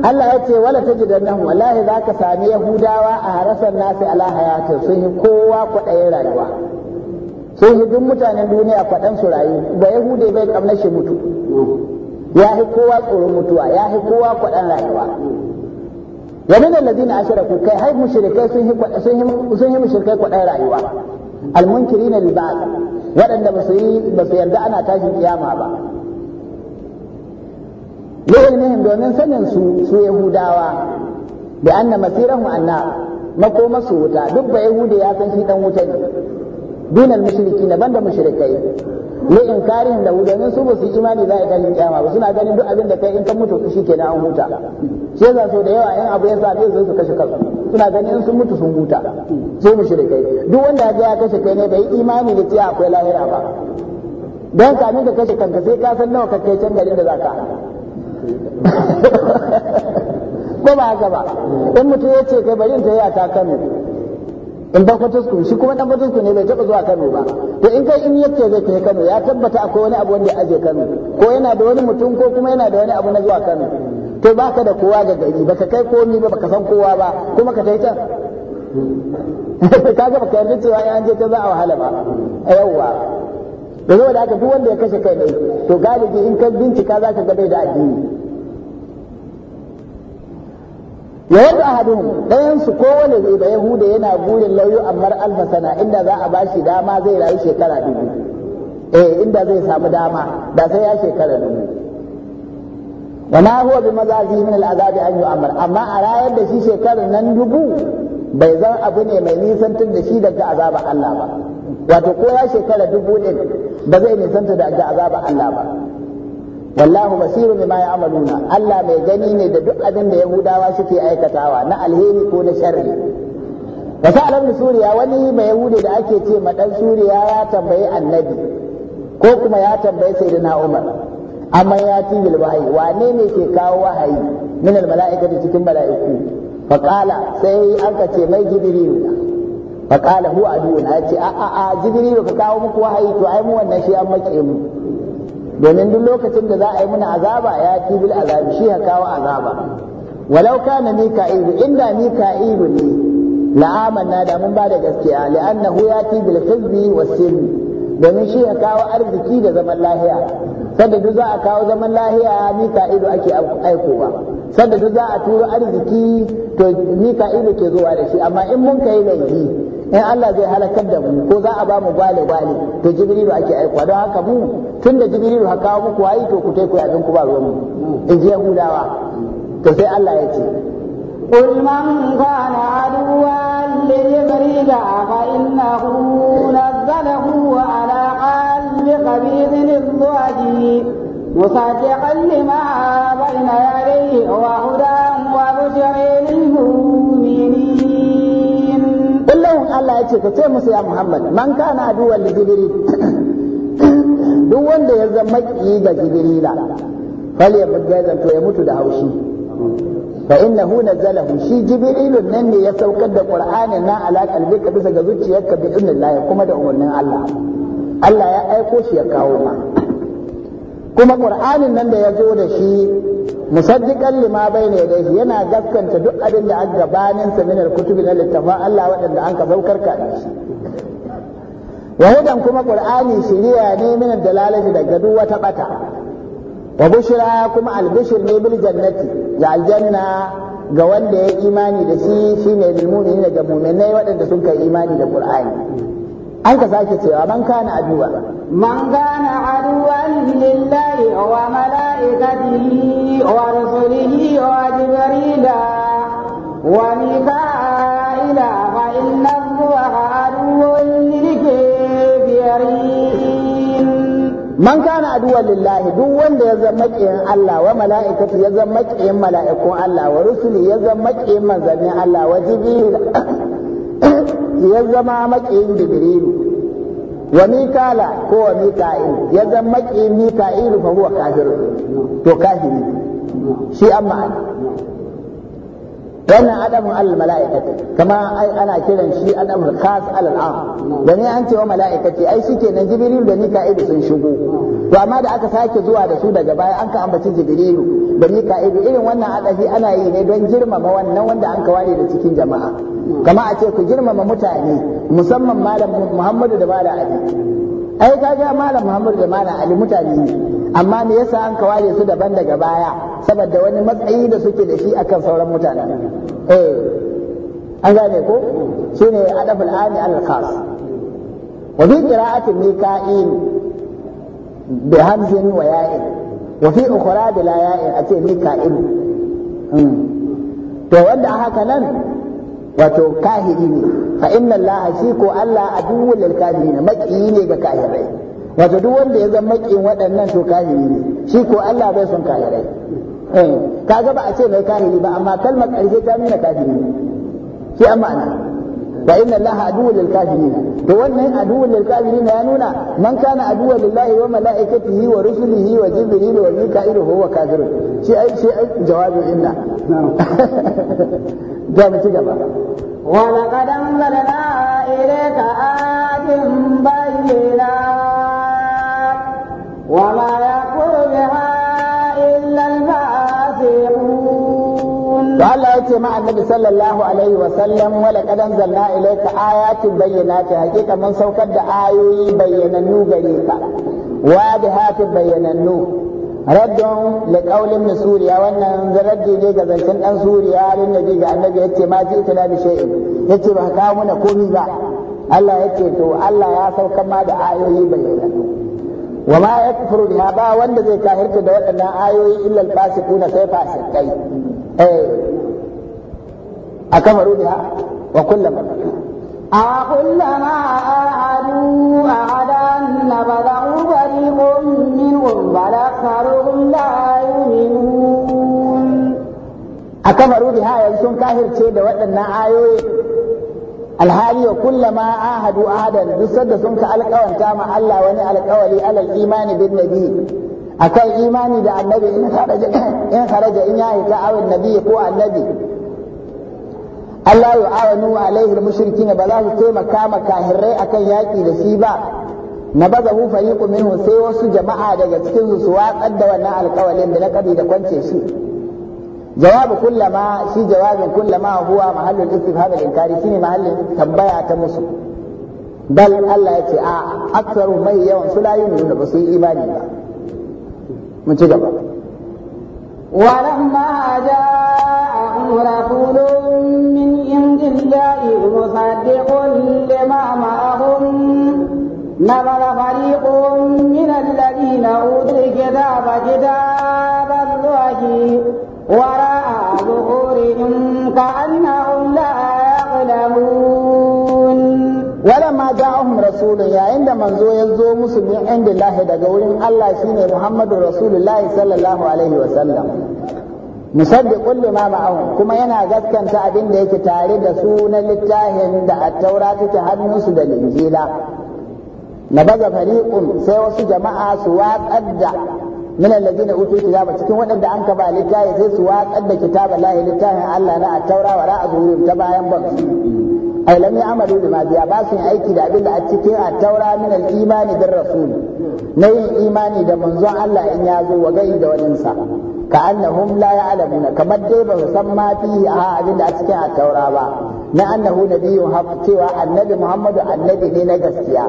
Allah ya ce wala ta jidan nan wallahi za ka sami Yahudawa a harasan nasi ala hayatin sun kowa kwaɗa rayuwa. Sun yi mutanen duniya kwaɗansu rayu ba Yahudai bai kamna shi mutu. ya fi kowa tsoron mutuwa ya fi kowa kwaɗan rayuwa wa min alladhina ashraku kai sun yi sun yi kwaɗan rayuwa almunkiri na ba'd waɗanda ba su yi ba su yarda ana tashin kiyama ba li'ilmihim domin sanin su su yahudawa da anna masirahum makomar su wuta duk ba hude ya san shi dan wuta ne dun al-mushrikina banda mushrikai in inkarihim lahu domin su ba su imani za a tashi kiyama ba suna ganin duk abin da kai in kan mutu shi kenan an huta shi yasa so da yawa in abu ya sa su su kashe kansu suna ganin in sun mutu sun huta sai kai. duk wanda ya ya kashe kai ne bai imani da cewa akwai lahira ba don kamin ka kashe kanka sai ka san nawa ka kai can garin da za ka. ko ba haka ba in mutum ya ce kai bari in ta yi a ta takalmi in dan su shi kuma dan su ne bai taba zuwa Kano ba to in kai in yace zai kai Kano ya tabbata akwai wani abu wanda ya aje Kano ko yana da wani mutum ko kuma yana da wani abu na zuwa Kano to baka da kowa ga gari baka kai komi ba baka san kowa ba kuma ka tai can kaga baka yarda cewa an je ta za a wahala ba yawwa da zo da haka duk wanda ya kashe kai ne to galibi in ka bincika zaka ga bai da addini ya yadda ahadun ɗayan su kowane zai da yahuda yana burin lauyu ammar alfa inda za a bashi dama zai rayu shekara dubu eh inda zai samu dama da sai ya shekara dubu wa na huwa bi mazazi min al azabi an yu'ammar amma a rayar da shi shekarar nan dubu bai zan abu ne mai nisantar da shi daga azaba Allah ba wato ko ya shekara dubu din ba zai nisanta daga azaba Allah ba wallahu basiru bima ya'maluna Allah mai gani ne da duk abin da yahudawa suke aikatawa na alheri ko na sharri wa suriya wani mai yahudi da ake ce ma dan suriya ya tambayi annabi ko kuma ya tambayi sayyidina umar amma ya ci bil wahayi wane ne ke kawo wahayi min al da cikin mala'iku fa qala sai ka ce mai jibril fa qala huwa aduna ya ce a a jibril ka kawo muku wahayi to ai mu wannan shi an make mu domin duk lokacin da za a yi muna azaba ya ti bil azabi shi ya kawo azaba walau kana mika'ilu inda mika'ilu ne la'amanna da mun ba da gaskiya li'annahu ya ti bil hizbi was domin shi ya kawo arziki da zaman lahiya sanda duk za a kawo zaman lahiya mika'ilu ake aikowa sanda duk za a turo arziki to mika'ilu ke zuwa da shi amma in mun kai laifi in Allah zai halakar da mu ko za a ba mu gwale gwale to jibrilu ake aikwa don haka mu tun da jibrilu ha kawo muku wayi to ku taiku abin ku ba ruwan mu in ji yahudawa to sai Allah ya ce قل من كان عدوا لجبريل فإنه نزله على قلبك بإذن الله مصدقا لما بين يديه وهدى وبشر للمؤمنين قل لهم الله يتشكى musu ya Muhammad man kana aduwan jibril duk wanda ya zama ki ga jibrila fal ya bugga to ya mutu da haushi fa innahu nazzalahu shi jibrilun nan ne ya saukar da qur'anin nan ala ka bisa ga zuciyarka bi idnillah kuma da umarnin Allah Allah ya aiko shi ya kawo ma kuma ƙur'anin nan da ya zo da shi musaddiqan lima bayna yadayhi yana gaskanta duk abin da aka gabanin sa min al-kutubi na littafa Allah waɗanda an ka saukar ka da shi wa hudan kuma qur'ani shiriya ne min dalalati daga duk wata bata wa bushra kuma al-bushr ne bil jannati ya aljanna ga wanda ya imani da shi shine lil mu'minina ga mu'minai waɗanda sun kai imani da qur'ani an ka sake cewa man kana aduwa man kana aduwan lillahi wa mala'ikatihi wa rusulihi wa jibrila wa mika'ila fa inna allaha aduwwun lilkafirin man kana aduwan lillahi duk wanda ya zama maƙiyin Allah wa mala'ikatu ya zama maƙiyin mala'ikun Allah wa rusuli ya zama maƙiyin manzannin Allah wa jibrila ya zama makiyin jibrilu wa mikala ko wa mika'il ya zama maƙiyin mika'ilu fa huwa kafir to kafiri shi an ma'ana wannan adamun alal mala'ikati kama ana kiran shi adamun khas alal am da ne an cewa mala'ikati ai shike nan, jibrilu da mika'ilu sun shigo to amma da aka sake zuwa da su daga baya an ka ambaci jibrilu da mika'ilu irin wannan adafi ana yi ne don girmama wannan wanda an ka ware da cikin jama'a kama a ce ku girmama mutane musamman malam muhammadu da malam ali ai ka ga malam muhammadu da malam ali mutane ne amma me yasa an kawale su daban daga baya saboda wani matsayi da suke da shi akan sauran mutane eh an gane ko shine adabul ami al khas wa bi qira'ati mika'in bi hamzin wa ya'in wa fi ukhra bi la ya'in ace mika'in hmm. to wanda haka nan wato kahiri ne fa inna allaha shi ko allah a aduwwul lil kafirin maki ne ga kafirai wato duk wanda ya zama maki waɗannan to kahiri ne shi ko allah bai son kafirai eh, kaga ba a ce mai kahiri ba amma kalmar ƙarshe ta nuna kafiri ne shi amma ana fa inna allaha aduwwul lil kafirin to wannan aduwwul lil kafirin ya nuna man kana aduwwul lillahi wa malaikatihi wa rusulihi wa jibril wa mika'il wa kafirun shi ai shi ai jawabin inna na'am da mu ci gaba. Wala kadan zara ka akin bayyana, wala ya kuru bi ha illal ba to Allah ya ce ma annabi sallallahu alaihi wa sallam wa laqad anzalna ilayka ayatin hakika mun saukar da ayoyi bayyanannu gare ka wa bihatin bayyanannu raddon li qaulin suriya wannan raddi ne ga zancen dan suriya lin nabi ga annabi yace ma ji ita bi shay'in yace ba ka muna komi ba Allah yace to Allah ya saukar ma da ayoyi bayyana wa ma yakfuru biha ba wanda zai kafirta da waɗannan ayoyi illal al na sai fasikai eh akamaru biha wa kullama أَوَكُلَّمَا أَعَدُوا أَعَدًا نَبَذَهُ فَرِيقٌ مِّنْهُمْ بَلْ أَكْثَرُهُمْ لَا يُؤْمِنُونَ أكفروا بها يسون كاهر تشيد وأننا آيوي alhali wa kullama ahadu ahadan duk sanda sun ka alƙawanta ma Allah wani alƙawari alal imani bin nabi akan imani da annabi in kharaja in kharaja in ya hita ko annabi Allah ya awanu alaihi mushrikina ba za su taimaka ma kahirai akan yaki da shi ba na baza hu fariqu minhu sai wasu jama'a daga cikin su su watsar da wannan alƙawalin da na kabi da kwance shi jawabu kullama shi jawabin kullama huwa mahallul istifham al-inkari shine mahallin tambaya ta musu bal Allah ya ce a aksaru mai yawan su la yunu da su imani ba mun ci gaba lamma ja'a الله مصدق لما معهم نظر فريق من الذين أوتوا الكتاب كتاب الله وراء ظهورهم كأنهم لا يعلمون ولما جاءهم رسول يا عند من زو يزو مسلم عند الله دقول الله شيني محمد رسول الله صلى الله عليه وسلم musaddiqun lima ma'ahum kuma yana gaskanta abin da yake tare da su na littafin da at-taura take hannunsu da injila na baza fariqun sai wasu jama'a su watsar da min alladhina utu kitaba cikin waɗanda an ka ba littafi sai su watsar da kitaba lahi littafin Allah na at-taura wa ra'a ta bayan ban ai lam ya'malu bima biya ba su aiki da abin da a cikin at-taura min al-imani bir rasul na imani da manzon Allah in ya zo wa gai da ka annahum la ya'lamuna kamar dai ba san ma fi a abin da a cikin at-taura ba na annahu nabiyyun hafi cewa annabi muhammadu annabi ne na gaskiya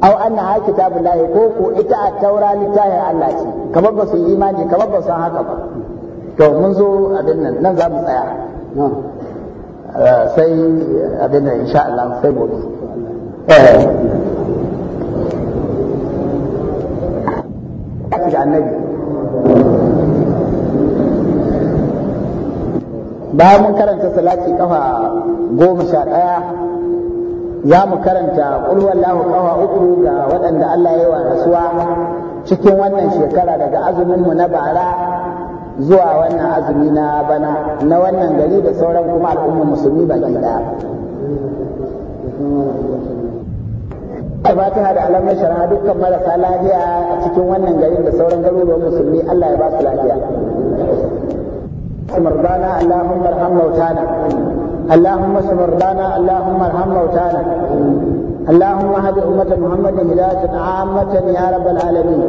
aw anna ha kitabullahi ko ko ita at-taura littafin Allah ce kamar ba su yi imani kamar ba san haka ba to mun zo abin nan nan za mu tsaya eh, sai abin nan insha Allah sai mu eh bayan mun karanta salati kafa goma sha ɗaya za mu karanta ƙulwallahu kafa uku ga waɗanda Allah ya yi wa rasuwa cikin wannan shekara daga azuminmu na bara zuwa wannan azumi na bana na wannan gari da sauran kuma al'ummar musulmi baki ɗaya. fatiha da alamar shara dukkan marasa lafiya a cikin wannan garin da sauran garuruwan musulmi Allah ya ba lafiya. مرضانا اللهم ارحم موتانا اللهم اشف مرضانا اللهم ارحم موتانا اللهم هب أمة محمد هداية عامة يا رب العالمين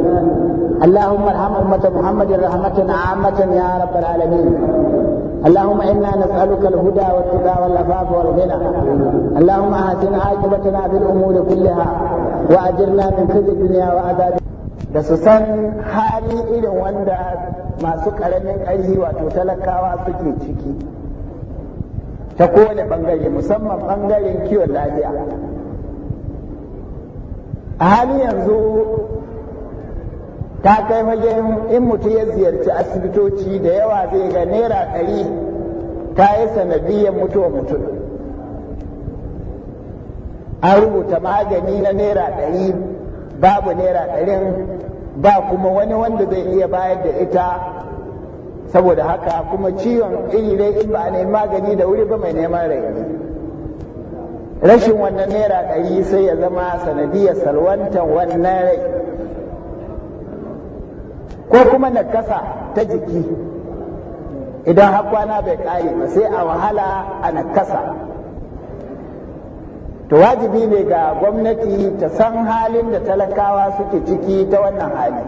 اللهم ارحم أمة محمد رحمة عامة يا رب العالمين اللهم انا نسالك الهدى والتقى والعفاف والغنى اللهم احسن عاقبتنا في الامور كلها واجرنا من خزي الدنيا وعذاب da su san hali irin wanda masu ƙaramin ƙarfi wato talakawa suke ciki ta kowane ɓangare musamman ɓangaren kiwon lafiya a halin yanzu ta kai fagen in mutum ya ziyarci asibitoci da yawa zai ga naira ɗari ta yi sanadiyyar mutuwa mutum an rubuta magani na naira ɗari babu naira ɗarin ba kuma wani wanda zai iya bayar da ita saboda haka kuma ciwon iri dai in ba a magani da wuri ba mai neman rai. rashin wannan naira ɗari sai ya zama sanadiyar salwanta wannan rai ko kuma nakasa ta jiki idan har kwana bai ƙare ba sai a wahala a nakasa to wajibi ne ga gwamnati ta san halin da talakawa suke ciki ta wannan hali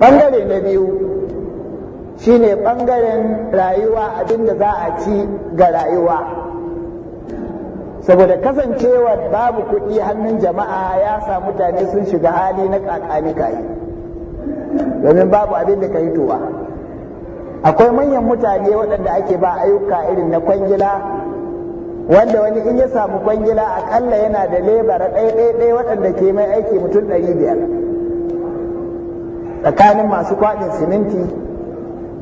ɓangare na biyu shine ɓangaren rayuwa abinda za a ci ga rayuwa saboda kasancewa babu kuɗi hannun jama'a ya sa mutane sun shiga hali na kakani yi domin babu abin ka yi tuwa akwai manyan mutane waɗanda ake ba ayyuka irin na kwangila wanda wani in ya samu kwangila akalla yana da lebar ɗaya waɗanda ke mai aiki mutum ɗari biyar tsakanin masu kwaɗin siminti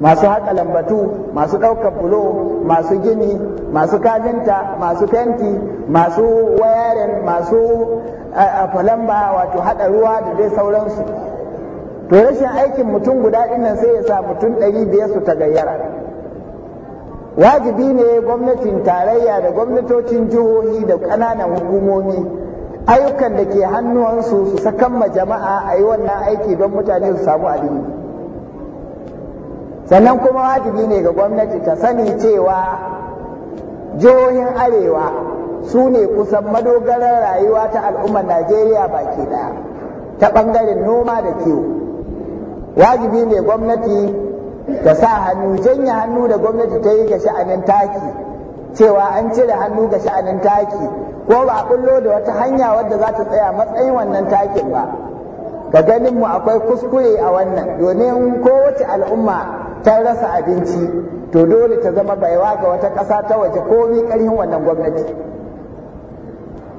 masu haƙa lambatu masu ɗaukar bulo masu gini masu kafinta masu fenti masu wayarin masu falamba wato haɗa ruwa da dai sauransu to rashin aikin mutum guda ɗinnan sai ya sa mutum ɗari biyar su ta gayyara wajibi ne gwamnatin tarayya da gwamnatocin jihohi da ƙananan hukumomi ayyukan da ke hannuwansu su sakan ma jama'a a yi wannan aiki don mutane su samu abin sannan kuma wajibi ne ga gwamnati ta sani cewa jihohin arewa su ne kusan madogarar rayuwa ta al'ummar najeriya baki daya ta ɓangaren noma da kiwo wajibi ne gwamnati ka sa hannu janye hannu da gwamnati ta yi ga sha'anin taki cewa an cire hannu ga sha'anin taki ko ba a kullo da wata hanya wadda za ta tsaya matsayin wannan takin ba ga ganin mu akwai kuskure a wannan domin kowace al'umma ta rasa abinci to dole ta zama baiwa ga wata ƙasa ta waje komi ƙarhin wannan gwamnati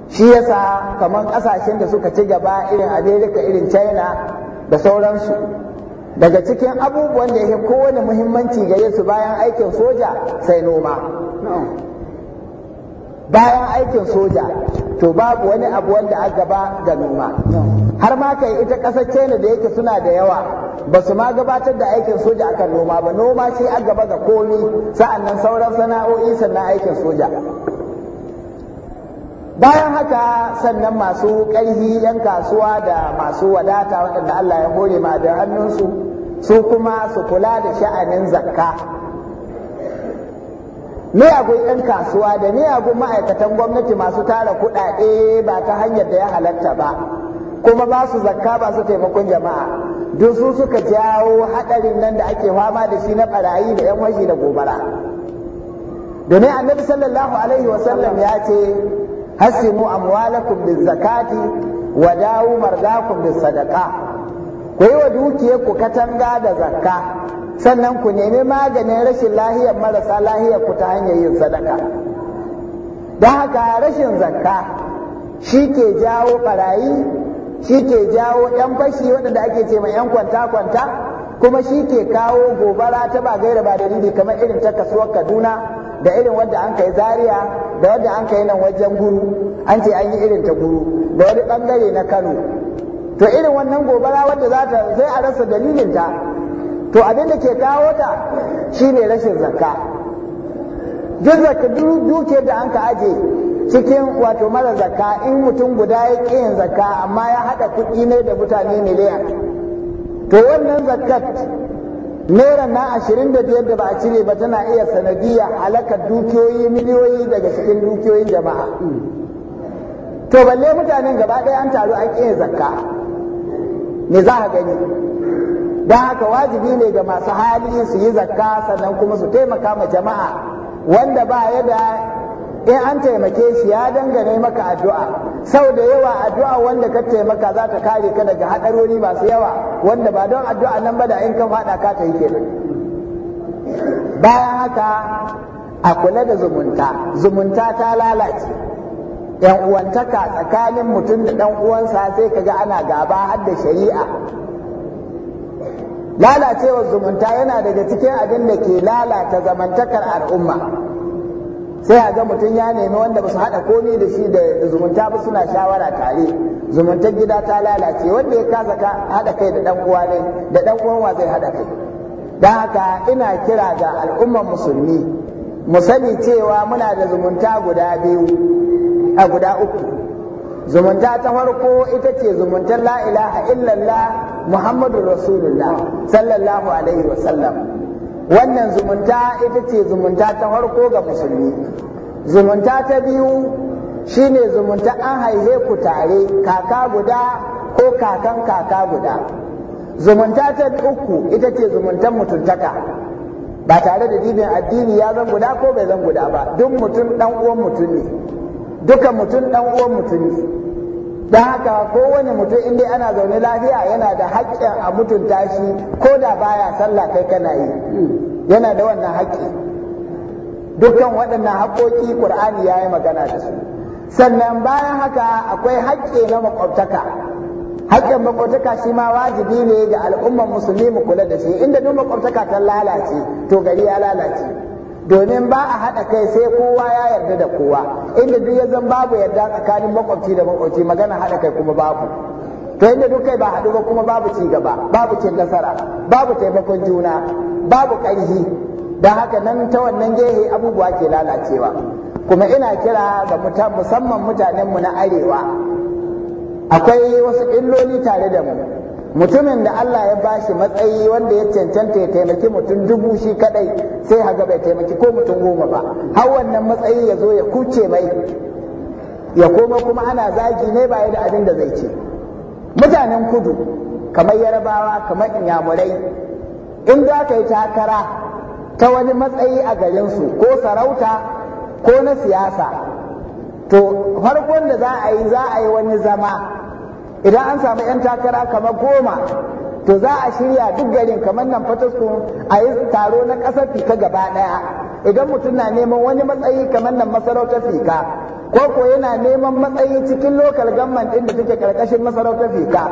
shi yasa kamar ƙasashen da suka ci gaba irin amerika irin china da sauransu daga cikin abubuwan da ya kowane muhimmanci ga yesu bayan aikin soja sai noma bayan aikin soja to babu wani abu wanda a gaba ga noma har ma kai ita ƙasar china da yake suna da yawa ba su ma gabatar da aikin soja akan noma ba noma shi a gaba ga komi sa'annan sauran sana'o'i sannan aikin soja bayan haka sannan masu ƙarfi 'yan kasuwa da masu wadata waɗanda Allah ya hore ma da hannunsu su kuma su kula da sha'anin zakka miyagun 'yan kasuwa da miyagun ma'aikatan gwamnati masu tara kuɗaɗe ba ta hanyar da ya halatta ba kuma ba su zakka ba su taimakon jama'a duk su suka jawo haɗarin nan da ake fama da shi na ɓarayi da 'yan washi da gobara domin annabi sallallahu alaihi wasallam ya ce hasimu amwalakum biz zakati wa dawu marzakum bis sadaqa ku yi wa dukiyarku katanga da zakka sannan ku nemi maganin rashin lahiyar marasa lahiyar ku ta hanyar yin sadaka don haka rashin zakka shi ke jawo barayi shi ke jawo 'yan fashi waɗanda ake ce ma 'yan kwanta-kwanta kuma shi ke kawo gobara ta ba gaira ba dalili kamar irin ta kasuwar kaduna da irin wanda an kai zaria da wanda an kai nan wajen guru an ce an yi irin ta guru da wani bangare na kano to irin wannan gobara wanda za ta sai a rasa dalilin ta to abin da ke kawo ta shine rashin zakka duk zakka duk da an ka aje cikin wato mara zakka in mutum guda ya ƙi yin zakka amma ya haɗa kuɗi ne da mutane miliyan to wannan zakkat naira na ashirin da biyar da ba a cire ba tana iya sanadiyya halakar dukiyoyi miliyoyi daga cikin dukiyoyin jama'a to balle mutanen gaba ɗaya an taru an ƙin zakka me za a gani don haka wajibi ne ga masu hali su yi zakka sannan kuma su taimaka ma jama'a wanda ba ya da in an taimake shi ya dangane maka addu'a sau da yawa addu'a wanda ka taimaka za ta kare ka daga haɗarori masu yawa wanda ba don addu'a nan ba da in ka faɗa ka ta yi kenan bayan haka a kula da zumunta zumunta ta lalace yan uwantaka tsakanin mutum da ɗan uwansa sai ka ga ana gaba har da shari'a lalacewar zumunta yana daga cikin abin da ke lalata zamantakar al'umma sai a ga mutum ya nemi wanda ba su haɗa komi da shi da zumunta ba suna shawara tare zumuntar gida ta lalace wanda ya kasa ka haɗa kai da ɗan uwa ne da ɗan zai haɗa kai don haka ina kira ga al'ummar musulmi mu sani cewa muna da zumunta guda biyu a guda uku zumunta ta farko ita ce zumuntar la ilaha illallah muhammadu rasulullah sallallahu alaihi wasallam wannan zumunta ita ce zumunta ta harko ga musulmi zumunta ta biyu shine zumunta an haife ku tare kaka guda ko kakan kaka guda zumunta ta uku ita ce zumuntan mutuntaka ba tare da dibin addini ya zan guda ko bai zan guda ba duk mutum dan uwan mutum ne duka mutum dan uwan mutum ne don haka kowane mutum inda ana zaune lafiya yana da haƙƙin a mutunta shi ko da baya sallah kai kana yi yana da wannan haƙƙi dukkan waɗannan haƙoƙi ƙur'ani ya yi magana da su sannan bayan haka akwai haƙƙi na maƙwabtaka haƙƙin maƙwabtaka shi ma wajibi ne ga al'ummar musulmi mu kula da shi inda duk maƙwabtaka ta lalace to gari ya lalace domin ba a haɗa kai sai kowa ya yarda da kowa inda duk ya zan babu yarda tsakanin maƙwabci da maƙwabci magana haɗa kai kuma babu to inda duk kai ba hadu ba kuma babu ci gaba babu cin nasara babu taimakon juna babu ƙarfi don haka nan ta wannan gehe abubuwa ke lalacewa kuma ina kira ga musamman mutanenmu na arewa akwai wasu illoli tare da mu mutumin da Allah ya bashi matsayi wanda ya cancanta ya taimaki mutum dubu shi kadai sai haga bai taimaki ko mutum goma ba har wannan matsayi ya zo ya kuce mai ya koma kuma ana zagi ne ba da abin da zai ce mutanen kudu kamar yarabawa kamar inyamurai in za ka yi takara ta wani matsayi a garinsu ko sarauta ko na siyasa to farkon da za a yi za a yi wani zama idan an samu 'yan takara kamar goma to za a shirya duk garin kamar nan fatasko a yi taro na ƙasar fika gaba ɗaya idan mutum na neman wani matsayi kamar nan masarautar fika ko ko yana neman matsayi cikin lokal gamman din da take karkashin masarautar fika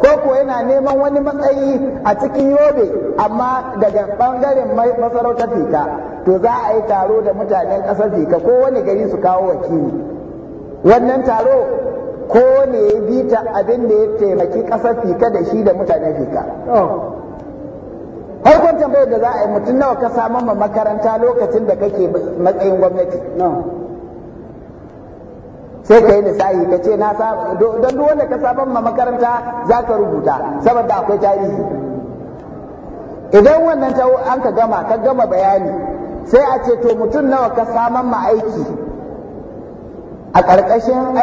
ko ko yana neman wani matsayi a cikin yobe amma daga bangaren masarautar fika to za a yi taro da mutanen kasar fika ko wani gari su kawo wakili wannan taro ko ne ya bita abin da ya taimaki kasar fika da shi da mutanen fika harkon oh. tambayar da za a yi mutum nawa ka samar ma makaranta lokacin da kake matsayin gwamnati sai ka yi lissafi ka ce na saba don duk wanda ka saban ma makaranta za ka rubuta saboda akwai tarihi idan wannan ta an ka gama ka gama bayani sai a ce to mutum nawa ka saman ma aiki a ƙarƙashin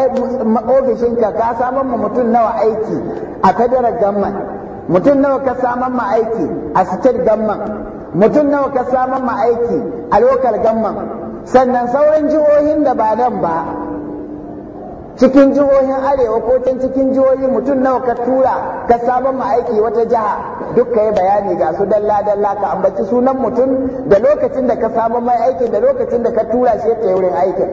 ofishinka ka saman ma mutum nawa aiki a federal gamman mutum nawa ka saman ma aiki a state gamman mutum nawa ka saman ma aiki a local gamman sannan sauran jihohin da ba nan ba cikin jihohin arewa ko can cikin jihohi mutum nawa ka tura ka sabon ma'aiki wata jiha duk ka bayani ga su dalla dalla ka ambaci sunan mutum da lokacin da ka sabon mai aiki da lokacin da ka tura shi ta wurin aiki.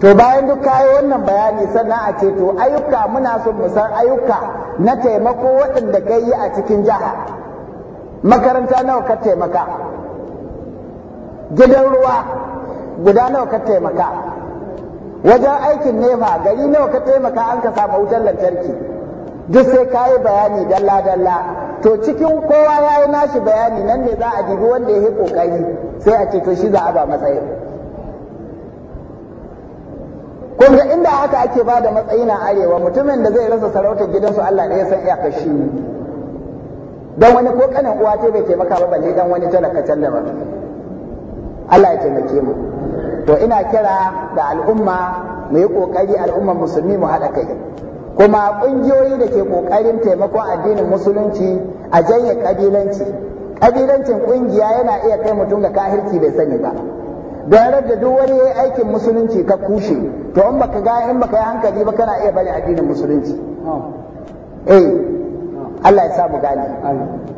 to bayan duk kayi wannan bayani sannan a ce to ayyuka muna son mu san ayyuka na taimako waɗanda ka yi a cikin jiha makaranta nawa ka taimaka gidan ruwa guda nawa ka taimaka wajen aikin nema gari nawa ka taimaka an ka samu wutar lantarki duk sai ka yi bayani dalla dalla to cikin kowa ya yi nashi bayani nan ne za a dibi wanda ya yi kokari sai a ce shi za a ba matsayin kunga inda haka ake ba da matsayi na arewa mutumin da zai rasa sarautar gidansu Allah ne ya san iyakar shi dan wani ko uwa ce bai taimaka ba balle dan wani talaka ba. Allah ya taimake mu to ina kira da al'umma mu yi kokari al'ummar musulmi mu haɗa kai kuma ƙungiyoyi da ke ƙoƙarin taimakon addinin musulunci a janye ƙabilanci ƙabilancin ƙungiya yana iya kai mutum ga kahirci bai sani ba don da duk wani yi aikin musulunci ka kushe to in baka ga in baka yi hankali ba kana iya bari addinin musulunci eh Allah ya sa mu gane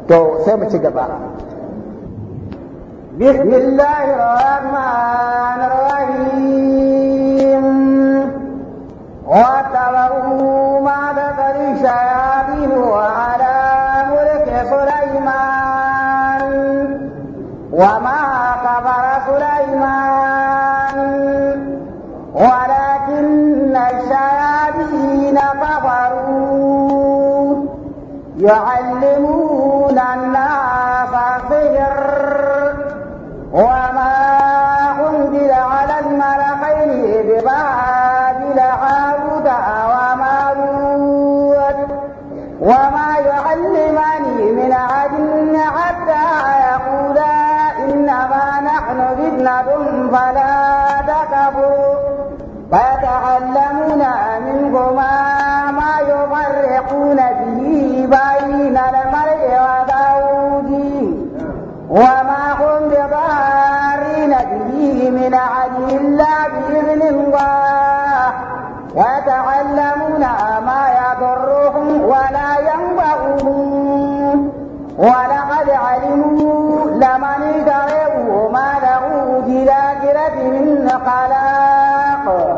to sai mu ci gaba بسم الله الرحمن الرحيم واتبعوا ما تتل الشياطين وعلى ملك سليمان وما كفر سليمان ولكن الشياطين كفروا يعلمون الناس وما أنزل على الملكين ببابل هاروت وماروت وما يعلمان من أحد حتى يقولا إنما نحن فتنة فلا تكفر فيتعلمون منهما ما يفرقون به بين من عهد إلا بإذن الله ويتعلمون ما يضرهم ولا ينفعهم ولقد علموا لمن اشتريه ما له في الآخرة من خلاق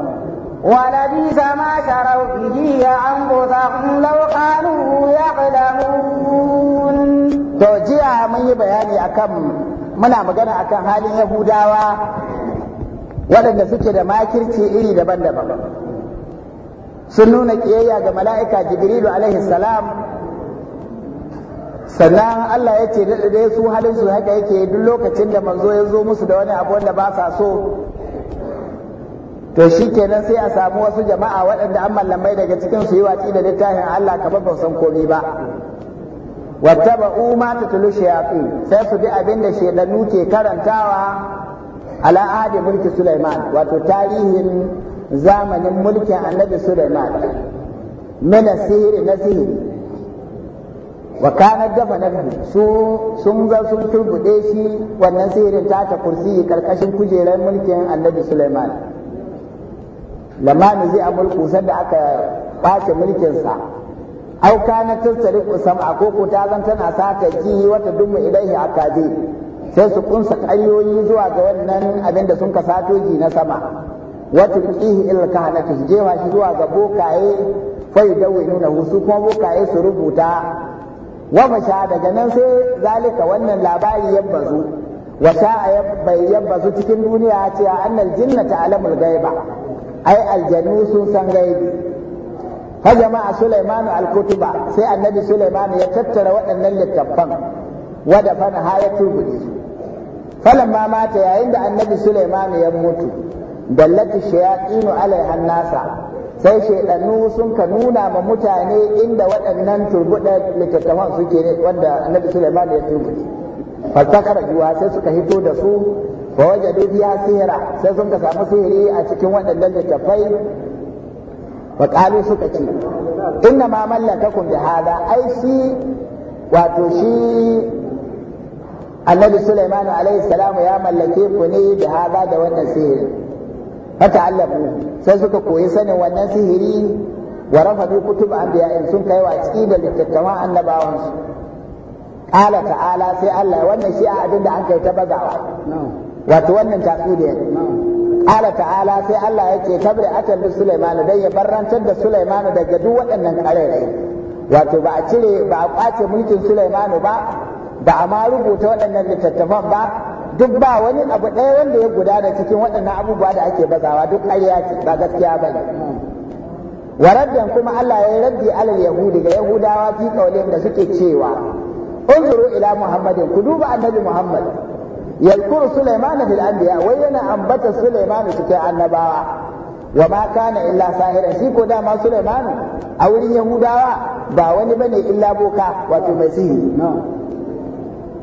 ولبيس ما شروا به أنفسهم لو كانوا يعلمون. توجيه من يبياني أكم منا مجانا أكم magana akan waɗanda suke da makirci iri daban-daban sun nuna ƙiyayya ga mala'ika jibrilu alaihi salam sannan Allah ya ce dai su halin su haka yake duk lokacin da manzo ya zo musu da wani abu wanda ba sa so to shi kenan sai a samu wasu jama'a waɗanda an mallamai daga cikin su yi watsi da littafin Allah kamar ba san komai ba wattaba'u ma tatlu shayatin sai su bi abin da shedanu ke karantawa ala ahadi mulki Sulaiman wato tarihin zamanin mulkin annabi Sulaiman mena sihiri na sihiri wa kana dafa na su sun ga sun turbude shi wannan sihirin ta ta kursi karkashin kujerar mulkin annabi Sulaiman lamani zai mulku sanda aka bace mulkinsa. sa na kana tasariqu sam'a ko ta zan tana sata ji wata dumu ilaihi akabi sai su kunsa ƙaryoyi zuwa ga wannan abin da sun ka satoji na sama wata ƙihi ilal ta su shi zuwa ga bokaye fai dawe nuna su kuma bokaye su rubuta wa masha daga nan sai zalika wannan labari ya bazu wa sha'a bai yabbazu cikin duniya ce annal jinnata alamul gaiba ai aljannu sun san gaibi fa jama'a sulaiman al-kutuba sai annabi sulaiman ya tattara waɗannan littattafan Wadda da ha ya su falan ma mata yayin da annabi Suleiman ya mutu dallati shayatinu alaihan nasa sai shaidannu sun ka nuna ma mutane inda waɗannan turbuɗa littattafan suke ne wanda annabi Suleiman ya turbuɗe fasakar juwa sai suka hito da su fa wajadu biya sihira sai sun ka samu sihiri a cikin waɗannan littattafai fa suka ce inna ma mallakakum bi hada ai shi wato shi annabi Sulaiman alaihi salamu ya mallake ku ne da haza da wannan sihiri fata allafu sai suka koyi sanin wannan sihiri wa rafadu kutub in sun kai watsi da littattama annabawan su qala ta'ala sai Allah wannan shi a da an kai ta bagawa wato wannan ne qala ta'ala sai Allah yake tabri atal bi Sulaiman dai ya barrantar da Sulaiman daga duk waɗannan karerai wato ba a cire ba a kwace mulkin Sulaiman ba ba a ma rubuta waɗannan littattafan ba duk ba wani abu ɗaya wanda ya gudana cikin waɗannan abubuwa da ake bazawa duk ƙarya ce ba gaskiya ba ne waraddan kuma Allah ya raddi alal yahudi ga yahudawa fi kaulin da suke cewa unzuru ila muhammadin ku duba annabi muhammad yadkuru sulaiman fil anbiya wai yana ambata sulaiman cikin annabawa wa ma kana illa sahira shi ko dama sulaiman a wurin yahudawa ba wani bane illa boka wato mai sihiri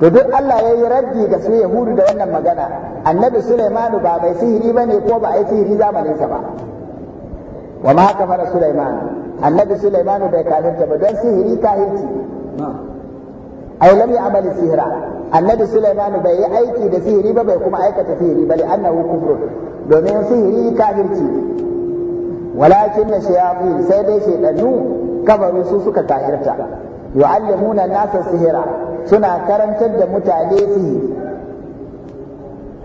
to duk Allah ya yi raddi ga su Yahudu da wannan magana annabi Sulaimanu ba mai sihiri ba ne ko ba a yi sihiri zamaninsa ba wa ma fara Sulaiman annabi Sulaimanu bai kafirta ba don sihiri kahirci ai lam ya'mal sihra annabi Sulaimanu bai yi aiki da sihiri ba bai kuma aikata sihiri bali annahu kufru domin sihiri kafirci walakin na shayatin sai dai shaytanu kabaru su suka kahirta yu'allimuna an-nasa sihra suna karantar da mutane su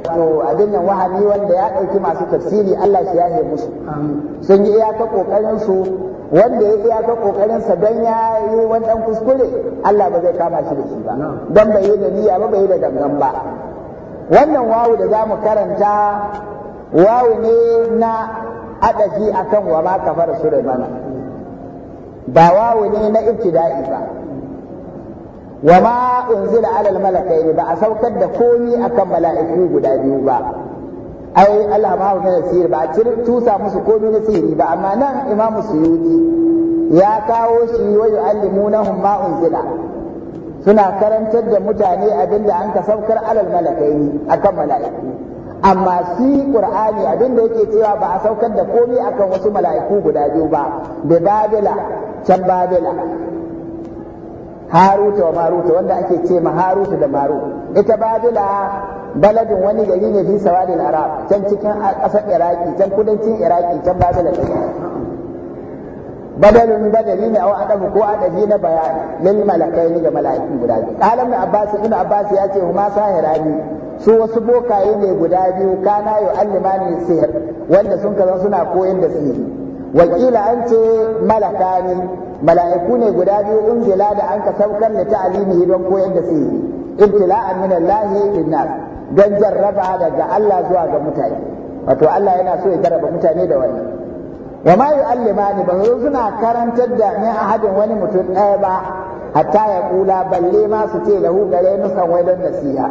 to abin nan wahami wanda ya ɗauki masu tafsiri Allah shi yahe musu sun yi iyaka ƙoƙarin su wanda ya iyaka ƙoƙarin sa don ya yi wani kuskure Allah ba zai kama shi da shi ba don bai yi da niyya ba bai yi da dangan ba wannan wawu da za mu karanta wawu ne na adaji akan wa ma kafar Sulaiman ba wawu ne na ibtida'i ba wa ma unzila ala al-malakaini ba a saukar da komi akan mala'iku guda biyu ba ai Allah na sihiri ba a tusa musu komi na sihiri ba amma nan imamu Suyuti ya kawo shi wa yu'allimunahum ma unzila suna karantar da mutane abinda an ka saukar alal malakaini akan mala'iku amma shi qur'ani abinda yake cewa ba a saukar da komi akan wasu mala'iku guda biyu ba da babila can babila haruta wa maruta wanda ake ce ma haruta da maru ita babila baladin wani gari ne fi sawadin arab can cikin ƙasar iraki can kudancin iraki can babila ne badalin badali ne a adabu ko adabi na bayani lil malakai ne ga mala'iku guda biyu qalam na abbas ibn abbas ya ce huma sahirani su wasu bokaye ne guda biyu kana yu'allimani sihir wanda sun kaza suna koyon da sihiri wakila an ce malaka ne mala'iku ne guda biyu unzila da an ka saukar da ta'alimi don koyar da su ibtila'an min Allah nas don jarraba daga Allah zuwa ga mutane wato Allah yana so ya jarraba mutane da wani. wa ma yu'allimani ba zo suna karantar da ni ahadin wani mutum ɗaya ba hatta ya kula balle ma su ce lahu gare san wai don nasiha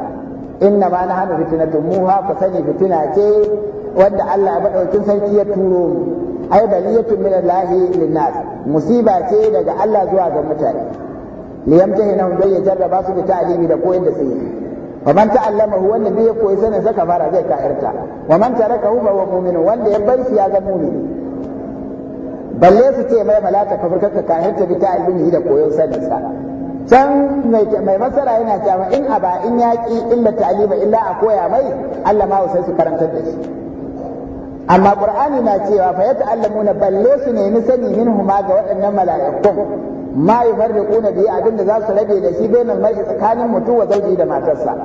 inna ma nahnu fitnatun muha fa sani fitina ce wanda Allah ya madaukin sarki ya turo mu ai baliyatun min lahi linnas musiba ce daga Allah zuwa ga mutane liyamtahi nan dai ya jarraba su da ta'limi da koyar da sihiri wa man ta'allama huwa annabi ya koyi sanin saka fara zai ka'irta wa man taraka huwa wa mu'minu wanda ya bar shi ya ga mu'mini balle su ce mai malata kafir kaka ka'irta bi ta'limi da koyon sanin sa can mai masara yana cewa in aba in yaki illa ta'lima illa a koya mai Allah ma sai su karantar da shi amma qur'ani na cewa fa yata'allamuna balle su ne nemi sani min huma ga waɗannan mala'ikun ma yufarriquna bi abinda za su rabe da shi bainal mar'i tsakanin mutum wa zauji da matarsa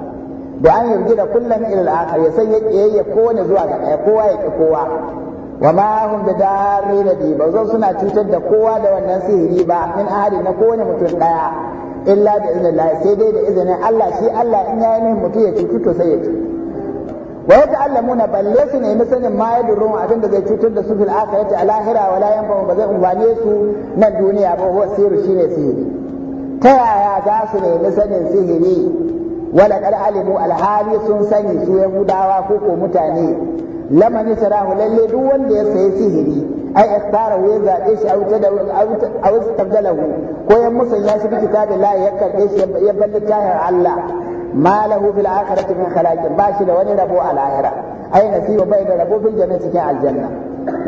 da an yarda da kullum ila al-akhir ya san yayya kowane zuwa ga ɗaya kowa ya ki kowa wa ma hum bi darrin bi ba zo suna cutar da kowa da wannan sihiri ba min ahadi na kowane mutum ɗaya illa bi iznillah sai dai da izinin Allah shi Allah in yayi mutum ya cutu to sai ya cutu wa ta'allamuna balle su nemi sanin ma ya duru abin da zai cutar da su fil akhirati a lahira wala yanfa ba zai umbane su nan duniya ba huwa sirru shine sihiri ta yaya za su nemi sanin sihiri wala qad alimu alhali sun sani su yahudawa ko ko mutane lamani sarahu lalle duk wanda ya sayi sihiri ai ikhtarahu ya zabe shi da tada au tabdalahu ko ya musanya shi bi kitabillahi ya karbe shi ya bar littafin Allah ma lahu fil akhirati min ba shi da wani rabo a lahira ai nasiba bai da rabo fil janna cikin aljanna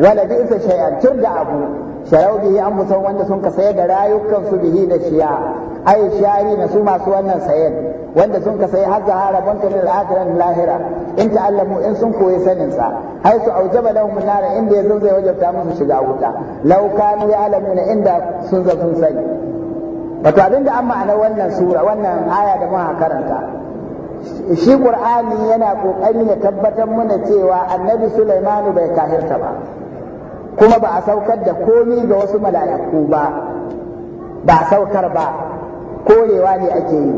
wala bi isa shay'an da abu sharau bihi an musan wanda sun ka sayar da rayukan su bihi da shiya ai shari na su masu wannan sayen, wanda sun ka sayi har zahara banka lil akhirat lahira in ta allamu in sun koyi sanin sa ai su aujaba lahum nara inda ya zai wajabta musu shiga wuta law kanu ya'lamuna inda sun zan sani wato abin da an ma'ana wannan sura wannan aya da muka karanta shi qur'ani yana kokari ya tabbatar mana cewa annabi sulaimanu bai kahirta ba kuma ba a saukar da komi ga wasu mala'iku ba ba a saukar ba korewa ne ake yi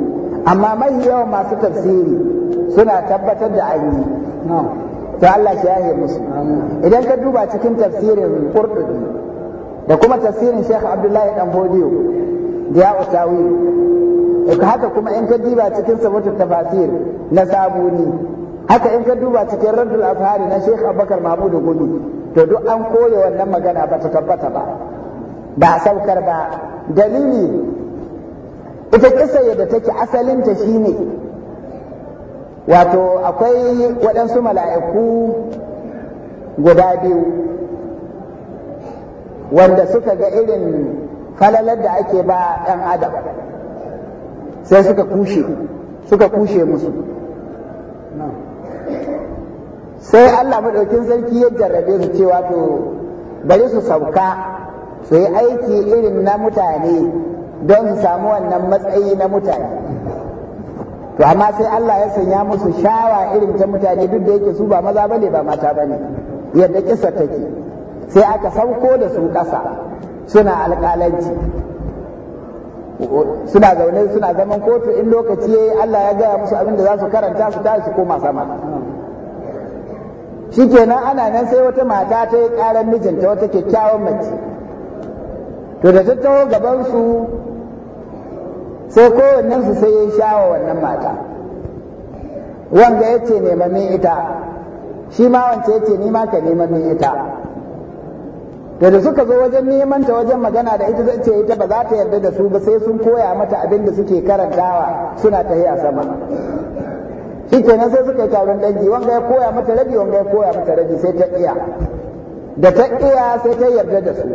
amma mai yawan masu tafsiri suna tabbatar da an yi to Allah shi yahe musu idan ka duba cikin tafsirin qurtubi da kuma tafsirin Sheikh Abdullahi dan Bodiyo ya utawi haka kuma in ka diba cikin sabatu tafasir na sabuni haka in ka duba cikin raddul afhari na Sheikh Abubakar mahmudu Gudu to duk an koya wannan magana ba ta tabbata ba ba a saukar ba dalili ita kisa yadda take asalinta shine wato akwai waɗansu mala'iku guda biyu wanda suka ga irin falalar da ake ba ɗan adam sai suka kushe suka kushe musu sai Allah maɗaukin sarki ya jarrabe su cewa to bari su sauka su yi aiki irin na mutane don su samu wannan matsayi na mutane to amma sai Allah ya sanya musu shawa irin ta mutane duk da yake su ba maza bane ba mata bane yadda kisa take sai aka sauko da su ƙasa suna alƙalanci suna zaune suna zaman kotu in lokaci yi Allah ya gaya musu abin da za su karanta su tashi su koma sama shikenan ana nan sai wata mata ta yi ƙarar mijinta wata kyakkyawan mace to da ta taho gaban su sai kowannen su sai ya shawa wannan mata wanda ya ce min ita shi ma wance yace ni ma ka nema ita Da da suka zo wajen neman ta wajen magana da ita zai ce ita ba za ta yarda da su ba sai sun koya mata abin da suke karantawa suna ta a sama shi kenan sai suka yi taron dangi wanga ya koya mata rabi wanga ya koya mata rabi sai ta iya da ta iya sai ta yarda da su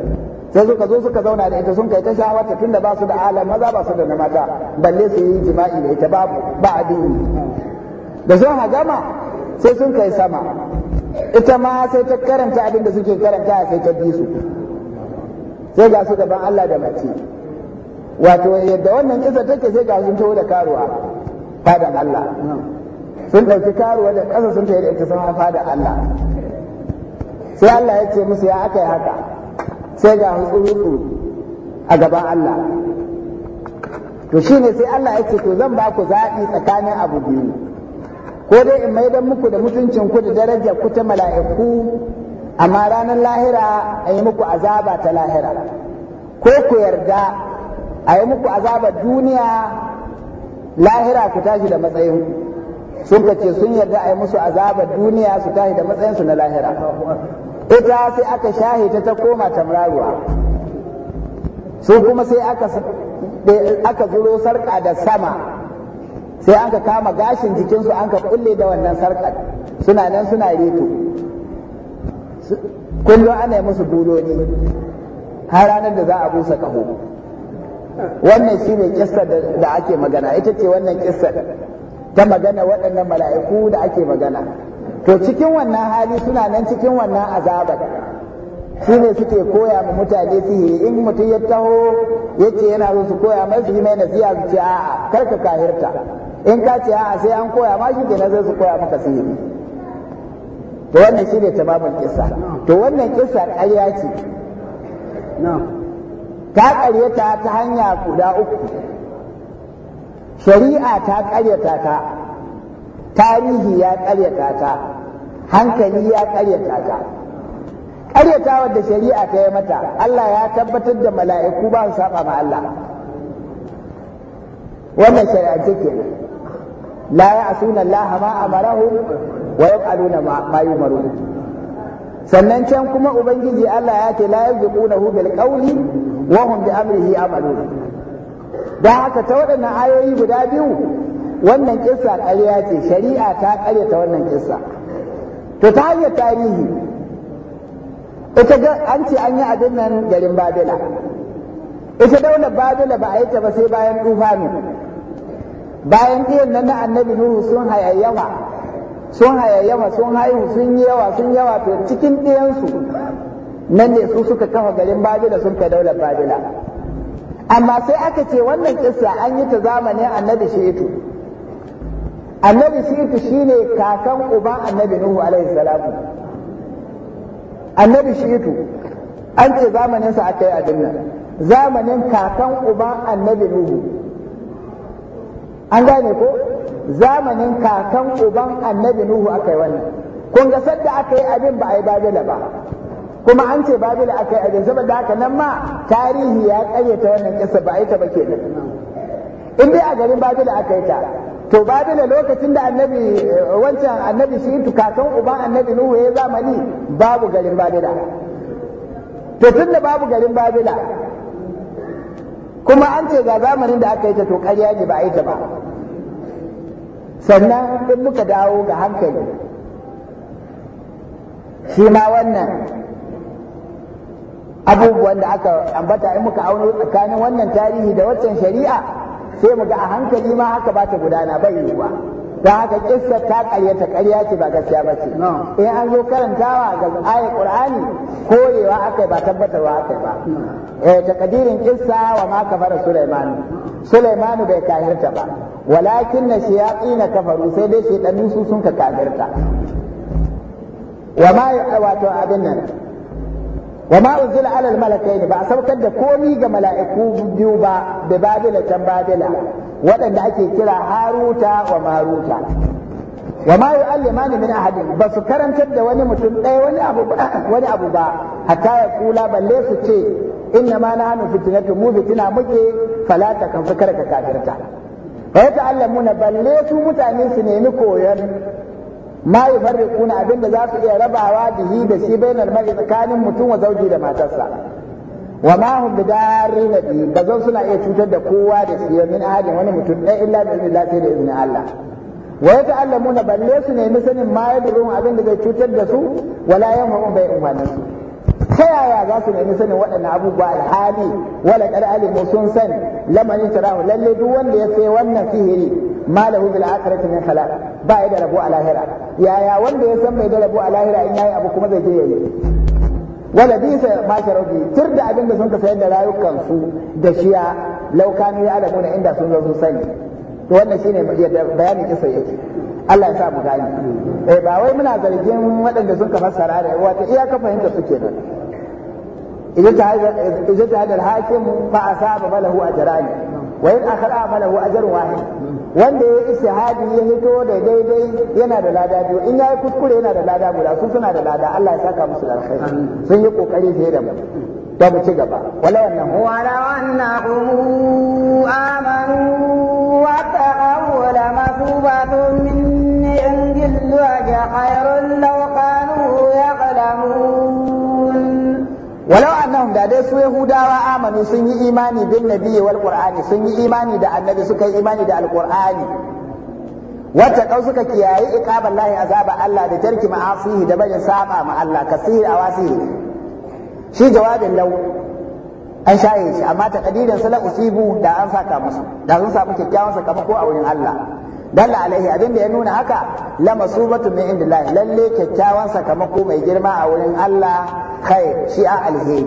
sai suka zo suka zauna da ita sun kai ta shawarta tunda ba su da alam maza ba su da na mata balle su yi jima'i da ita ba abin da sun hagama sai sun kai sama ita ma sai ta karanta abin da suke karanta sai ta bi su sai ga su gaban Allah da mace wato yadda wannan kisa take sai ga sun taho da karuwa fadan Allah sun ɗauki karuwa da ƙasa sun taho da ita sama fadan Allah sai Allah ya ce musu ya aka yi haka sai ga hutsuru a gaban Allah to shine sai Allah ya ce to zan ba ku zaɓi tsakanin abu biyu ko dai in mai dan muku da mutuncin ku da darajar ku ta mala'iku amma ranar lahira a yi muku azaba ta lahira ko ku yarda a yi muku azaba duniya lahira ku tashi da matsayin sun ce sun yarda a yi musu azaba duniya su tashi da matsayinsu na lahira ita sai aka shahi ta koma tamraruwa su kuma sai aka zuro sarka da sama sai an ka kama gashin jikinsu an ka kulle da wannan sarkar suna nan suna reto kullum ana yi musu buloni har ranar da za a busa kaho wannan shi ne da ake magana ita ce wannan kissa ta magana waɗannan mala'iku da ake magana to cikin wannan hali suna nan cikin wannan azabar shi ne suke koya ma mutane sihiri in mutum ya taho ya ce yana so su koya mai su yi mai nasiha su ce a'a kar ka kahirta in ka ce a sai an koya ma shi kenan zai su koya maka sihiri to wannan shi ne tamamin kisa. to wannan kisa ƙarya ce ta ƙaryata ta hanya guda uku shari'a ta ƙaryata ta tarihi ya ƙaryata ta hankali ya ƙaryata ta ƙaryatawar da shari'a ta yi mata Allah ya tabbatar da mala'iku ba su saba ma Allah wannan shari'a ce kenan la ya'suna Allah ma amarahu wa yaqaluna ma sannan can kuma ubangiji Allah ya ce la kuna bil qawli wa hum bi amrihi amalu da haka ta waɗannan ayoyi guda biyu wannan kissa ƙarya ce shari'a ta ta wannan kissa to ta hanyar tarihi ita ga an ce an yi abin nan garin babila ita daular babila ba a yi ta ba sai bayan tufa ne bayan ɗiyan nan na annabi nuhu sun hayayyawa sun hayayyawa sun haihu sun yi yawa sun yawa to cikin ɗiyansu nan ne su suka kafa garin babila sun fi daular babila amma sai aka ce wannan kissa an yi ta zamanin annabi shi'itu annabi shetu shine kakan uban annabi nuhu alaihi salatu annabi shetu an ce zamaninsa aka yi a nan zamanin kakan uban annabi nuhu an gane ko zamanin kakan uban annabi nuhu aka yi wannan kun ga sadda aka yi abin ba a yi babila ba kuma an ce babila aka yi abin saboda haka nan ma tarihi ya karyata wannan kisa ba a yi ta nan. in dai a garin babila aka yi ta to babila lokacin da annabi wancan annabi shi kakan uban annabi nuhu ya zamani babu garin babila to tun da babu garin babila kuma an ce ga zamanin da aka yi ta to ƙarya ne ba a yi ta ba sannan in muka dawo ga hankali shi ma wannan abubuwan da aka ambata in muka auno tsakanin wannan tarihi da waccan shari'a sai mu ga a hankali ma haka ba ta gudana bai yiwuwa da haka kissa ta karyata karya ce ba gaskiya ba ce in an zo karantawa ga ayat qur'ani korewa akai ba tabbatarwa akai ba eh takadirin kissa wa ma kafara sulaiman sulaiman bai kahirta ba walakin na shayatin kafaru sai dai shaytanu su sun ka kafirta wa ma wato abin nan wa ma unzila ala al malakaini ba a saukar da komi ga mala'iku biyu ba da babila can babila waɗanda ake kira haruta wa maruta wa ma yu'allimani min ahadin ba su karantar da wani mutum ɗaya wani abu wani abu ba hatta ya kula balle su ce inna ma nahnu fitnatu mu fitina muke fala ta kan fikar ka kafirta fa ya na balle su mutane su nemi koyon ma rikuna abinda za su iya rabawa bihi da shi bainar mai tsakanin mutum wa zauji da matarsa wa ma hum bidarrina bi zan suna iya cutar da kowa da siyan min ahadin wani mutum ɗaya illa bi idnillah sai da izinin Allah wa ta'allamuna balle su nemi sanin ma yadurun abin da zai cutar da su wala yanfa'un bai umarnin su ta yaya za su nemi sanin waɗannan abubuwa alhali wala ƙar alimu sun sani lamani tarahu lalle duk wanda ya sai wannan sihiri malahu bil akhirati min khalaq ba ya da rabu a lahira yaya wanda ya san bai da rabo a lahira in yayi abu kuma zai je yayi wala sa ma sharabi tur da abin da sun ka sayar da rayukan su da shiya laukanu ya alamu inda sun zo sun sani to wannan shine bayanin kisa yake Allah ya sa mu gani eh ba wai muna zargin waɗanda sun ka fassara da wata iya ka fahimta suke nan, idan ta idan ta hadal hakim fa asaba balahu ajrani wa in akhara balahu ajrun wahid wanda ya yi istihadi ya hito da daidai yana da lada biyu in ya yi kuskure yana da lada guda su suna da lada Allah ya saka musu da alkhairi sun yi kokari fiye da mu da mu ci gaba wala wannan wala annahum amanu wa taqaw la masubatun min indillah khairun law kanu ya'lamun walau annahum da dai su yahudawa amanu sun yi imani bin nabiyyi wal qur'ani sun yi imani da annabi suka yi imani da alqur'ani wata kau suka kiyaye iqaban lahi azaba Allah da tarki ma'asihi da bayan saba ma Allah kasiri awasihi shi jawabin lau an shaye shi amma takadirin sala sibu, da an saka musu da sun samu sakamako a wurin Allah dalla alaihi abin da ya nuna haka la masubatu min indillah lalle kyakkyawan sakamako mai girma a wurin Allah khair shi a alheri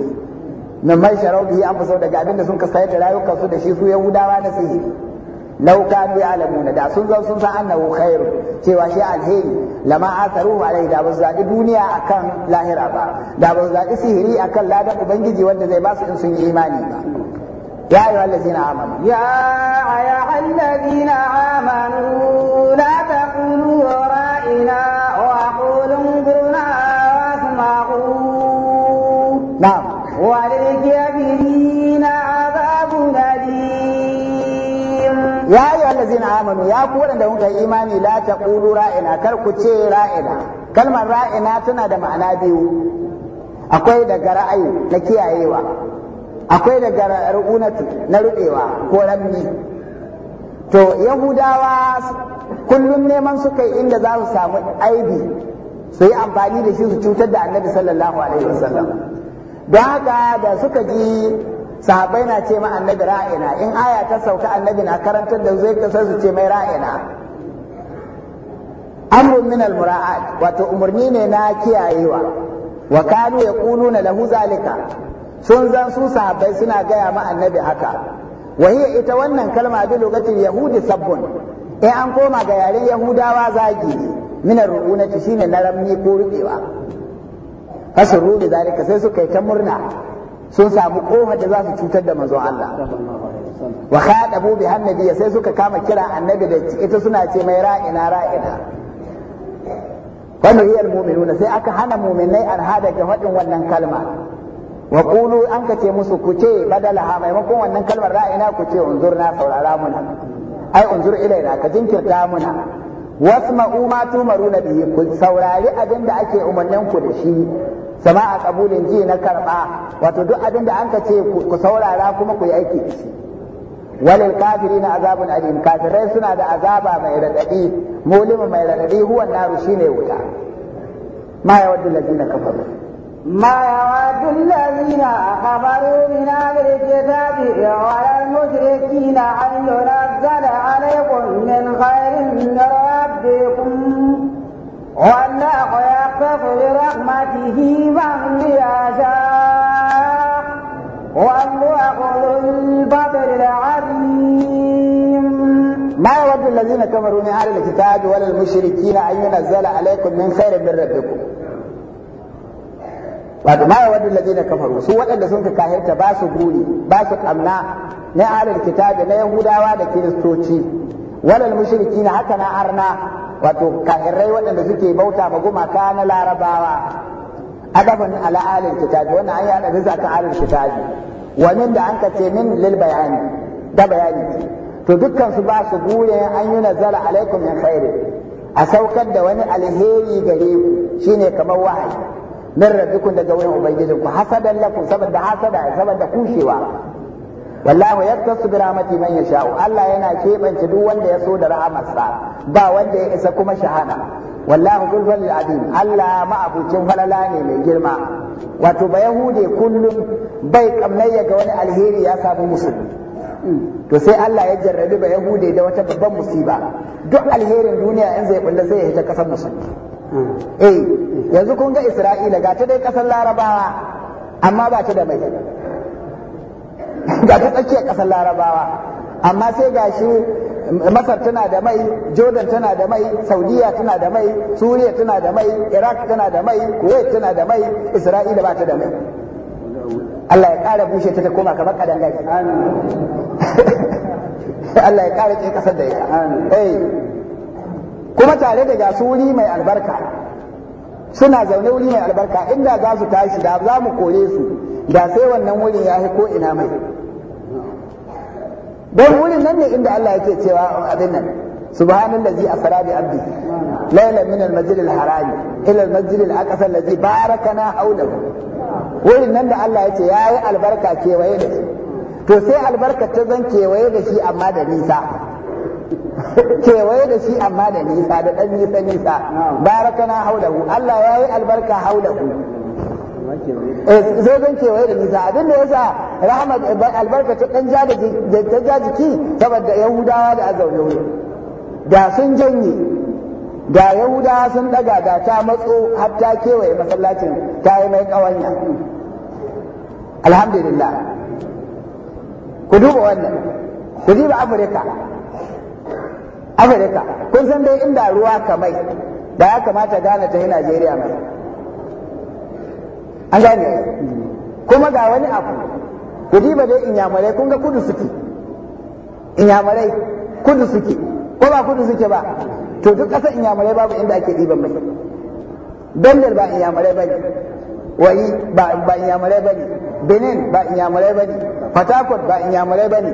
min mai sharau bihi an daga abin da sun ka sayar da rayukan su da shi su yahudawa na sihiri law bi alamuna da sun zo sun san annahu khairu cewa shi alheri lama asaru alaihi da ba duniya akan lahira ba da ba sihiri akan ladan ubangiji wanda zai ba su in sun yi imani ba يا أيها الذين آمنوا يا أيها الذين آمنوا لا تقولوا رأينا وقولوا انظرنا واسمعوا نعم وللكافرين عذاب أليم يا أيها الذين آمنوا يا أن دونك إيماني لا تقولوا رأينا كركتي رأينا كلمة رأينا تنادى معنا ديو أقول دقا رأي لكي أيوة akwai daga ru'unatu na ruɗewa ko ramni to yahudawa kullum neman su kai inda za su samu aibi su yi amfani da shi su cutar da annabi sallallahu alaihi wasallam don haka da suka ji sahabai na ce ma annabi ra'ina in aya ta sauka annabi na karantar da zai kasar su ce mai ra'ina amrun min al wato umarni ne na kiyayewa wa kanu yaquluna lahu zalika sun zan su sahabbai suna gaya ma annabi haka wahiya ita wannan kalma bi lokacin yahudi sabbun in eh, an koma ga yaren yahudawa zagi ne minar ru'unati shine na ramni ko rubewa fasar rubi zalika sai suka yi ta murna sun samu kofar da za su cutar da manzon Allah wa khadabu bi annabi sai suka kama kira annabi da ita suna ce mai ra'ina ra'ina wannan hiyar mu'minuna sai aka hana mu'minai alhada ga faɗin wannan kalma wa qulu an ce musu ku ce badala ha maimakon wannan kalmar ra'ayina ku ce unzurna saurara muna ai unzur ilaina ka jinkirta muna wasma'u ma tumaruna bihi ku saurari abinda ake umarnin ku da shi sama a kabulin ji na karba wato duk abinda da an ce ku saurara kuma ku yi aiki da shi walil kafirina azabun alim kafirai suna da azaba mai radadi mulimin mai radadi huwan naru shine wuta ma yawaddu allazina kafaru ما يعد الذين كفروا من اهل الكتاب ولا المشركين ان ينزل عليكم من خير من ربكم والله يختص برحمته من يشاء والله ذو الفضل العظيم ما يود الذين كفروا من اهل الكتاب ولا المشركين ان ينزل عليكم من خير من ربكم wato ma yawaddu alladhina kafaru su waɗanda sun kaka kahirta ba su guri ba su kamna na alal kitabi na yahudawa da kiristoci walal na haka na arna wato kahirai waɗanda suke bauta ma gumaka na larabawa adabun ala alal kitabi wannan an yi ana bisa kan alal kitabi wa min da an kace min lil bayani da bayani to dukkan su ba su gure an yi nazara alaikum min khairi a saukar da wani alheri gare ku shine kamar wahayi min rabbikum daga wurin ubangijin ku hasadan lakum saboda hasada da kushewa wallahu yaktasu bi rahmati man yasha Allah yana keɓance duk wanda ya so da rahamarsa ba wanda ya isa kuma shahana wallahu dhul fadl azim Allah ma'abucin falala ne mai girma wato ba yahude kullum bai kamnayya ga wani alheri ya samu musulmi to sai Allah ya jarrabi ba yahude da wata babban ba, duk alherin duniya in zai bulla sai ya hita kasar musulmi eh yanzu kun ga isra'ila ga ta dai kasar larabawa amma ba ta da mai ga ta tsakiyar kasar larabawa amma sai ga shi masar tana da mai jordan tana da mai saudiya tana da mai suriya tana da mai iraq tana da mai kuwait tana da mai isra'ila ba ta da mai Allah ya ƙara bushe ta ta koma kamar kadan gaji Allah ya ƙara ke kasar da ita. Eh. kuma tare da gasu wuri mai albarka suna zaune wuri mai albarka inda za su tashi da za mu kore su da sai wannan wurin ya ko ina mai don wurin nan ne inda Allah yake cewa abin nan subhanallazi asra bi abdi laylan min al-masjid al-haram ila al-masjid al-aqsa allazi barakana hawlahu wurin nan da Allah yace yayi albarka kewaye da shi to sai albarka ta zan kewaye da shi amma da nisa kewaye da shi amma da nisa da ɗan nisa nisa barakana haulahu Allah ya yi albarka haulahu eh, sai zan kewaye da nisa abin da yasa rahmat albarka ta ɗan ja jiki saboda yahudawa da azaunawa da sun janye da Yahudawa sun daga da ta matso har ta kewaye masallacin ta yi mai kawanya alhamdulillah ku duba wannan ku duba amurka afirka kun san dai inda ruwa kamai da ya kamata gane ta yi najeriya mai an gane kuma ga wani abu ku diba dai inyamurai kun ga kudu suke inyamurai kudu suke ko ba kudu suke ba to duk ƙasar inyamurai babu inda ake ɗiban mai dandar ba inyamurai ba ne wani ba inyamurai ba ne benin ba inyamurai ba ne fatakot ba inyamurai ba ne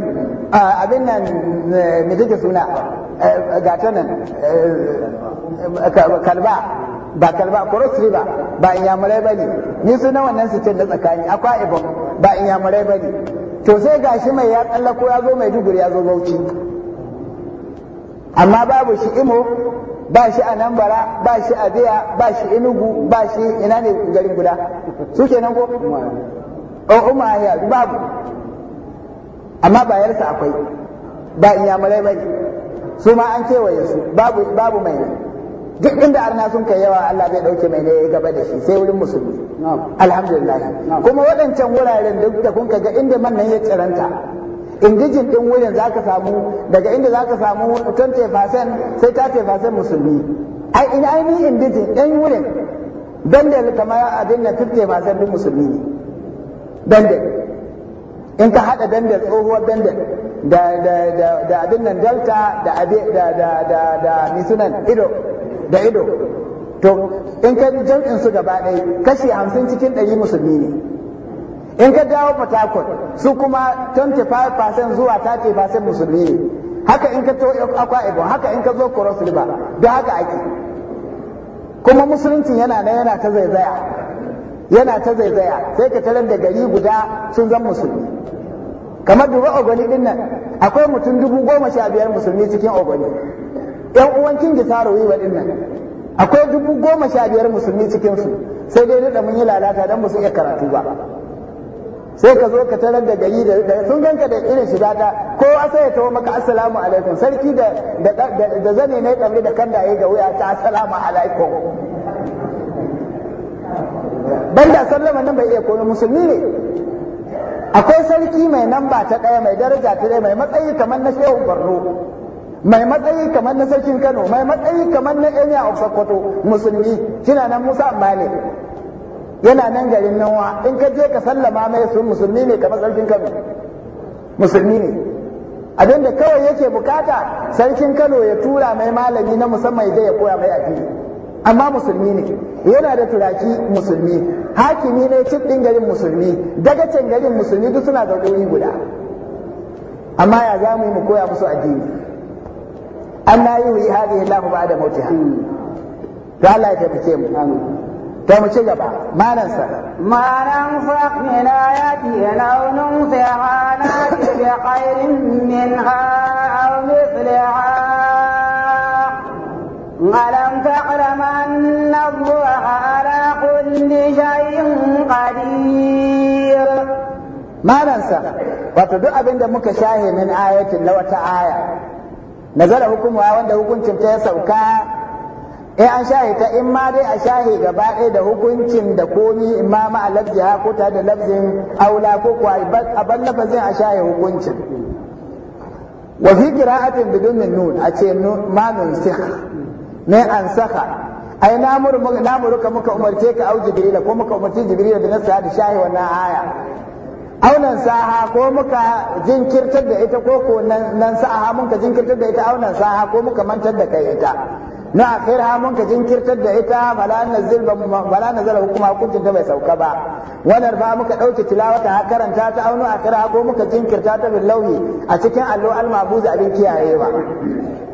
abin nan eh, mai take suna eh, gata nan eh, kalba ba kalba cross river ba inyamurai ba ne ni suna wannan su da tsakani akwa ibon ba inyamurai ba ne to sai gashi mai ya tsallako ya zo mai duguri ya zo bauchi amma babu shi imo ba shi a nan bara ba shi a biya ba shi inugu ba shi ina ne garin guda su nan ko oh, Umar. ya babu amma bayarsa akwai ba inyamurai bane su ma an kewaye su babu babu mai duk inda arna sun kai yawa Allah zai dauke mai ne ya gaba da shi sai wurin musulmi alhamdulillah kuma waɗancan wuraren duk da kun ga inda man nan ya tsiranta indijin din wurin zaka samu daga inda zaka samu 20% sai ta 30% musulmi ai in ainihin indijin ɗan wurin dandali kamar abin da 50% din musulmi ne dandali in ka haɗa bendel tsohuwar bendel da abin nan delta da da da da da misunan ido da ido to in ka bi jam'in su gaba ɗaya kashi hamsin cikin ɗari musulmi ne in ka dawo fatakon su kuma 25% zuwa 30% musulmi ne haka in ka to akwa ibon haka in ka zo cross river don haka ake kuma musulunci yana na yana ta zaizaya yana ta zaizaya sai ka tarar da gari guda sun zan musulmi kamar duba ogoni din nan akwai mutum dubu goma sha biyar musulmi cikin ogoni yan uwan kingi sarowi wa din nan akwai dubu goma sha biyar musulmi cikin su sai dai da mun yi lalata dan ba su iya karatu ba sai ka zo ka tarar da gari da sun ganka da irin shiga ta ko sai ya tawo maka assalamu alaikum sarki da da zane ne kamar da kanda yayi ga wuya ta assalamu alaikum banda sallama nan bai iya komai musulmi ne akwai sarki mai namba ta ɗaya mai daraja ta ɗaya mai matsayi kamar na shehu borno mai matsayi kamar na sarkin kano mai matsayi kamar na emir of sokoto musulmi kina nan musa ne. yana nan garin nawa in ka je ka sallama mai sun musulmi ne kamar sarkin kano musulmi ne abinda kawai yake bukata sarkin kano ya tura mai malami na musamman ya ya koya mai addini amma musulmi ne yana da turaki musulmi hakimi ne cikin ɗin garin musulmi daga can garin musulmi duk suna da wuri guda amma ya za mu yi mu koya musu addini an na yi wuyi hadi lahu ba da mautiha to Allah ya ce mu to mu ci gaba malan sa malan fa min ayati law nunsiha nati bi khairin minha aw mithliha شيء قدير duk ننسى وتدعو أبن دمك min من آية wata aya. نزل hukumwa wanda hukuncin ta ya sauka in eh, an shahe ta in ma dai a shahe gaba ɗaya da hukuncin da komi in ma ma ko ta da lafzin aula ko kuwa a ban lafazin a shahe hukuncin wa fi qira'atin bidun nun a ce ma nun sikha ne an saka ai muru muka muru ka muka umarce ka au jibrila ko muka umarci jibrila da nasa da shahi wannan aya aunan saha ko muka jinkirtar da ita ko ko nan saha mun ka jinkirtar da ita aunan saha ko muka mantar da kai ita na akhir ha ka jinkirtar da ita bala nazil bala nazala hukuma hukuncin ta bai sauka ba wannan ba muka dauke tilawata ha karanta ta aunu akhir ha ko muka jinkirta ta billahi a cikin allo al mabuzi abin kiyayewa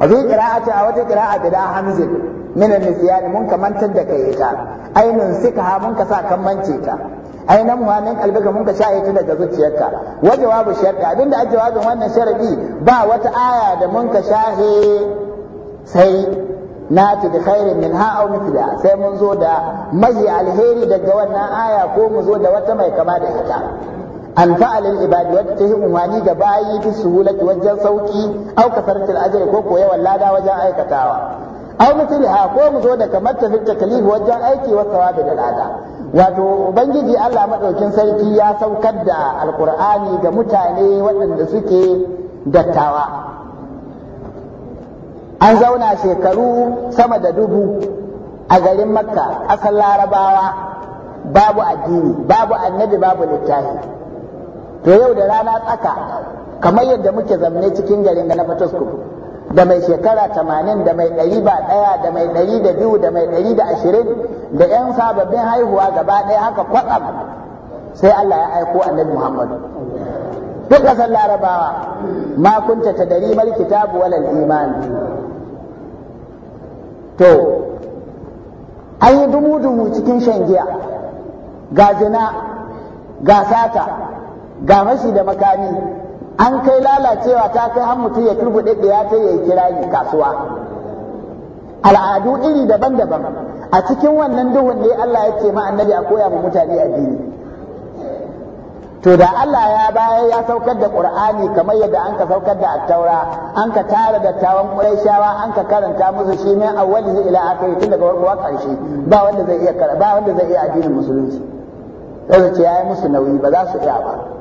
a zai qira'ati a wata qira'a da hamzin minan nisiyani mun kamantar da kai ita ainun sika ha mun ka sa kammance ta ainan muhamin kalbika mun ka shaye ta daga zuciyarka wa jawabu sharadi abinda a jawabin wannan sharadi ba wata aya da mun ka shahe sai na da khairin min ha au mithla sai mun zo da mai alheri daga wannan aya ko mu zo da wata mai kama da ita an fa'alil ibadi ta yi umarni ga bayi ta suhulati wajen sauki au kasarci ajiyar ko koyawan lada wajen aikatawa aw misliha ko mu zo da kamar ta fitta wajen aiki wa daga da wato ubangiji Allah madaukin sarki ya saukar da Alƙur'ani ga mutane waɗanda suke dattawa an zauna shekaru sama da dubu a garin makka ƙasar larabawa babu addini babu annabi babu littafi to yau da rana tsaka kamar yadda muke zamne cikin garin da na fataskun da mai shekara tamanin da mai ɗari ba ɗaya da mai ɗari da biyu da mai ɗari da ashirin da 'yan sababbin haihuwa gaba ɗaya haka kwatsam sai Allah ya aiko annabi Muhammad duk ƙasar larabawa ma kunta ta dari mal kitabu walal iman to an yi dumu-dumu cikin shan giya ga zina ga sata ga mashi da makami an kai lalacewa ta kai har mutum ya turbuɗe ya ta yayi yi kasuwa al'adu iri daban-daban a cikin wannan duhun ne Allah ya ce ma annabi a koya ma mutane addini to da Allah ya baya ya saukar da Ƙur'ani kamar yadda an ka saukar da Attaura an ka tara da dattawan ƙuraishawa an ka karanta musu shi min awwalihi ila akhirih tun daga warkuwa karshe ba wanda zai iya ba addinin musulunci sai ce yayi musu nauyi ba za su iya ba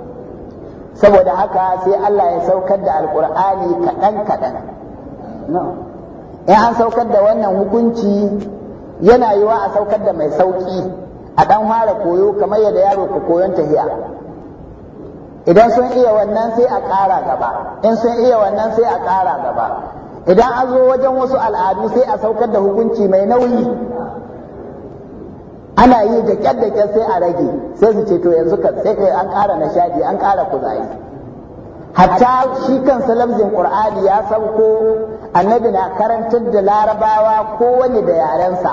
saboda haka sai Allah ya saukar da alkur'ani kaɗan kaɗan in an saukar da wannan hukunci yana yiwa a saukar da mai sauƙi a ɗan fara koyo kamar yadda yaro ka koyon tahiya idan sun iya wannan sai a ƙara gaba in sun iya wannan sai a ƙara gaba idan an zo wajen wasu al'adu sai a saukar da hukunci mai nauyi ana yi da kyar da kyar sai a rage sai su ce to yanzu kan sai kai an ƙara nishadi an ƙara kuzari hatta shi kan lafzin qur'ani ya sauko annabi na karantar da larabawa ko wani da yarensa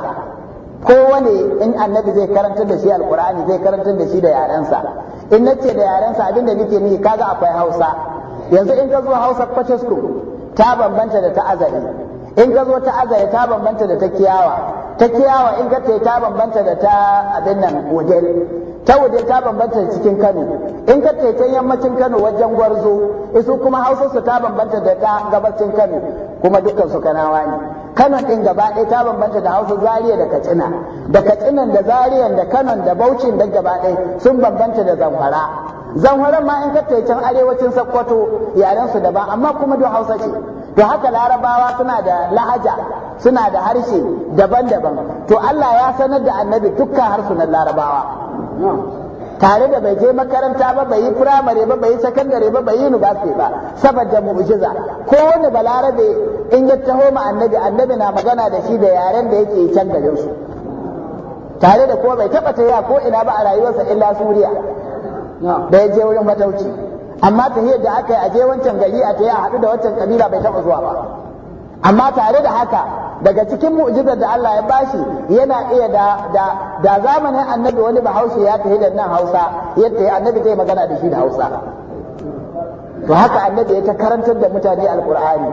wani in annabi zai karantar da shi alqur'ani zai karantar da shi da yarensa in nace da yarensa abinda nake nufi kaga akwai hausa yanzu in ka zo hausa kwatesku ta bambanta da ta azari in ka zo ta azari ta bambanta da ta kiyawa ta kiyawa in ka ta bambanta da ta abin nan waje ta waje ta bambanta cikin Kano in ka ta yammacin Kano wajen Gwarzo isu kuma Hausa su ta bambanta da ta gabacin Kano kuma dukkan su Kanawa ne Kano din gaba ɗaya ta bambanta da Hausa Zaria da Katsina da Katsinan da Zariyan da Kano da Bauchin da gaba ɗaya sun bambanta da Zamfara Zamfara ma in ka can arewacin Sokoto yaren su daban amma kuma duk Hausa ce to haka larabawa suna da lahaja suna da harshe daban-daban to Allah ya sanar da annabi dukkan harsunan larabawa tare da bai je makaranta ba bai yi firamare ba bai yi sakandare ba bai yi university ba saboda mu'jiza ko wani balarabe in ya taho ma annabi annabi na magana da shi da yaren da yake can garin su tare da ko bai taba taya ko ina ba a rayuwarsa illa suriya da ya je wurin matauci amma ta tahiyar da aka yi aje wancan gari a tayi a haɗu da wancan kabila bai taɓa zuwa ba amma tare da haka daga cikin mu'jizar da Allah ya bashi yana iya da da zamanin annabi wani bahaushe ya tafi da nan Hausa yadda annabi zai magana da shi da Hausa to haka annabi ya ta karantar da mutane alkur'ani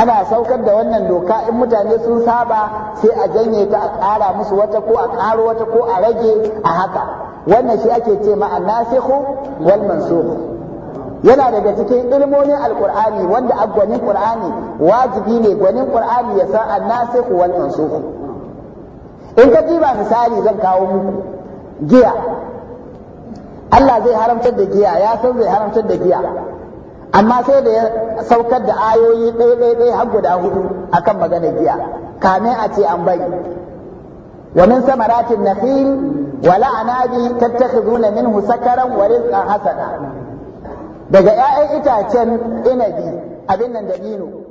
ana saukar da wannan doka in mutane sun saba sai a janye ta a ƙara musu wata ko a ƙaro wata ko a rage a haka wannan shi ake ce ma annasikhu wal mansukh yana daga cikin ilmomin alqur'ani wanda a gwanin qur'ani wajibi ne gwanin qur'ani ya san ko wal mansukh in ka diba misali zan kawo muku giya Allah zai haramtar da giya ya san zai haramtar da giya amma sai da ya saukar da ayoyi ɗaya ɗaya ɗaya har guda hudu akan magana giya kamin a ce an bari nakhil ثمرات النخيل ولعناب minhu sakaran wa rizqan hasana daga 'ya'yan itacen inabi abin nan da nino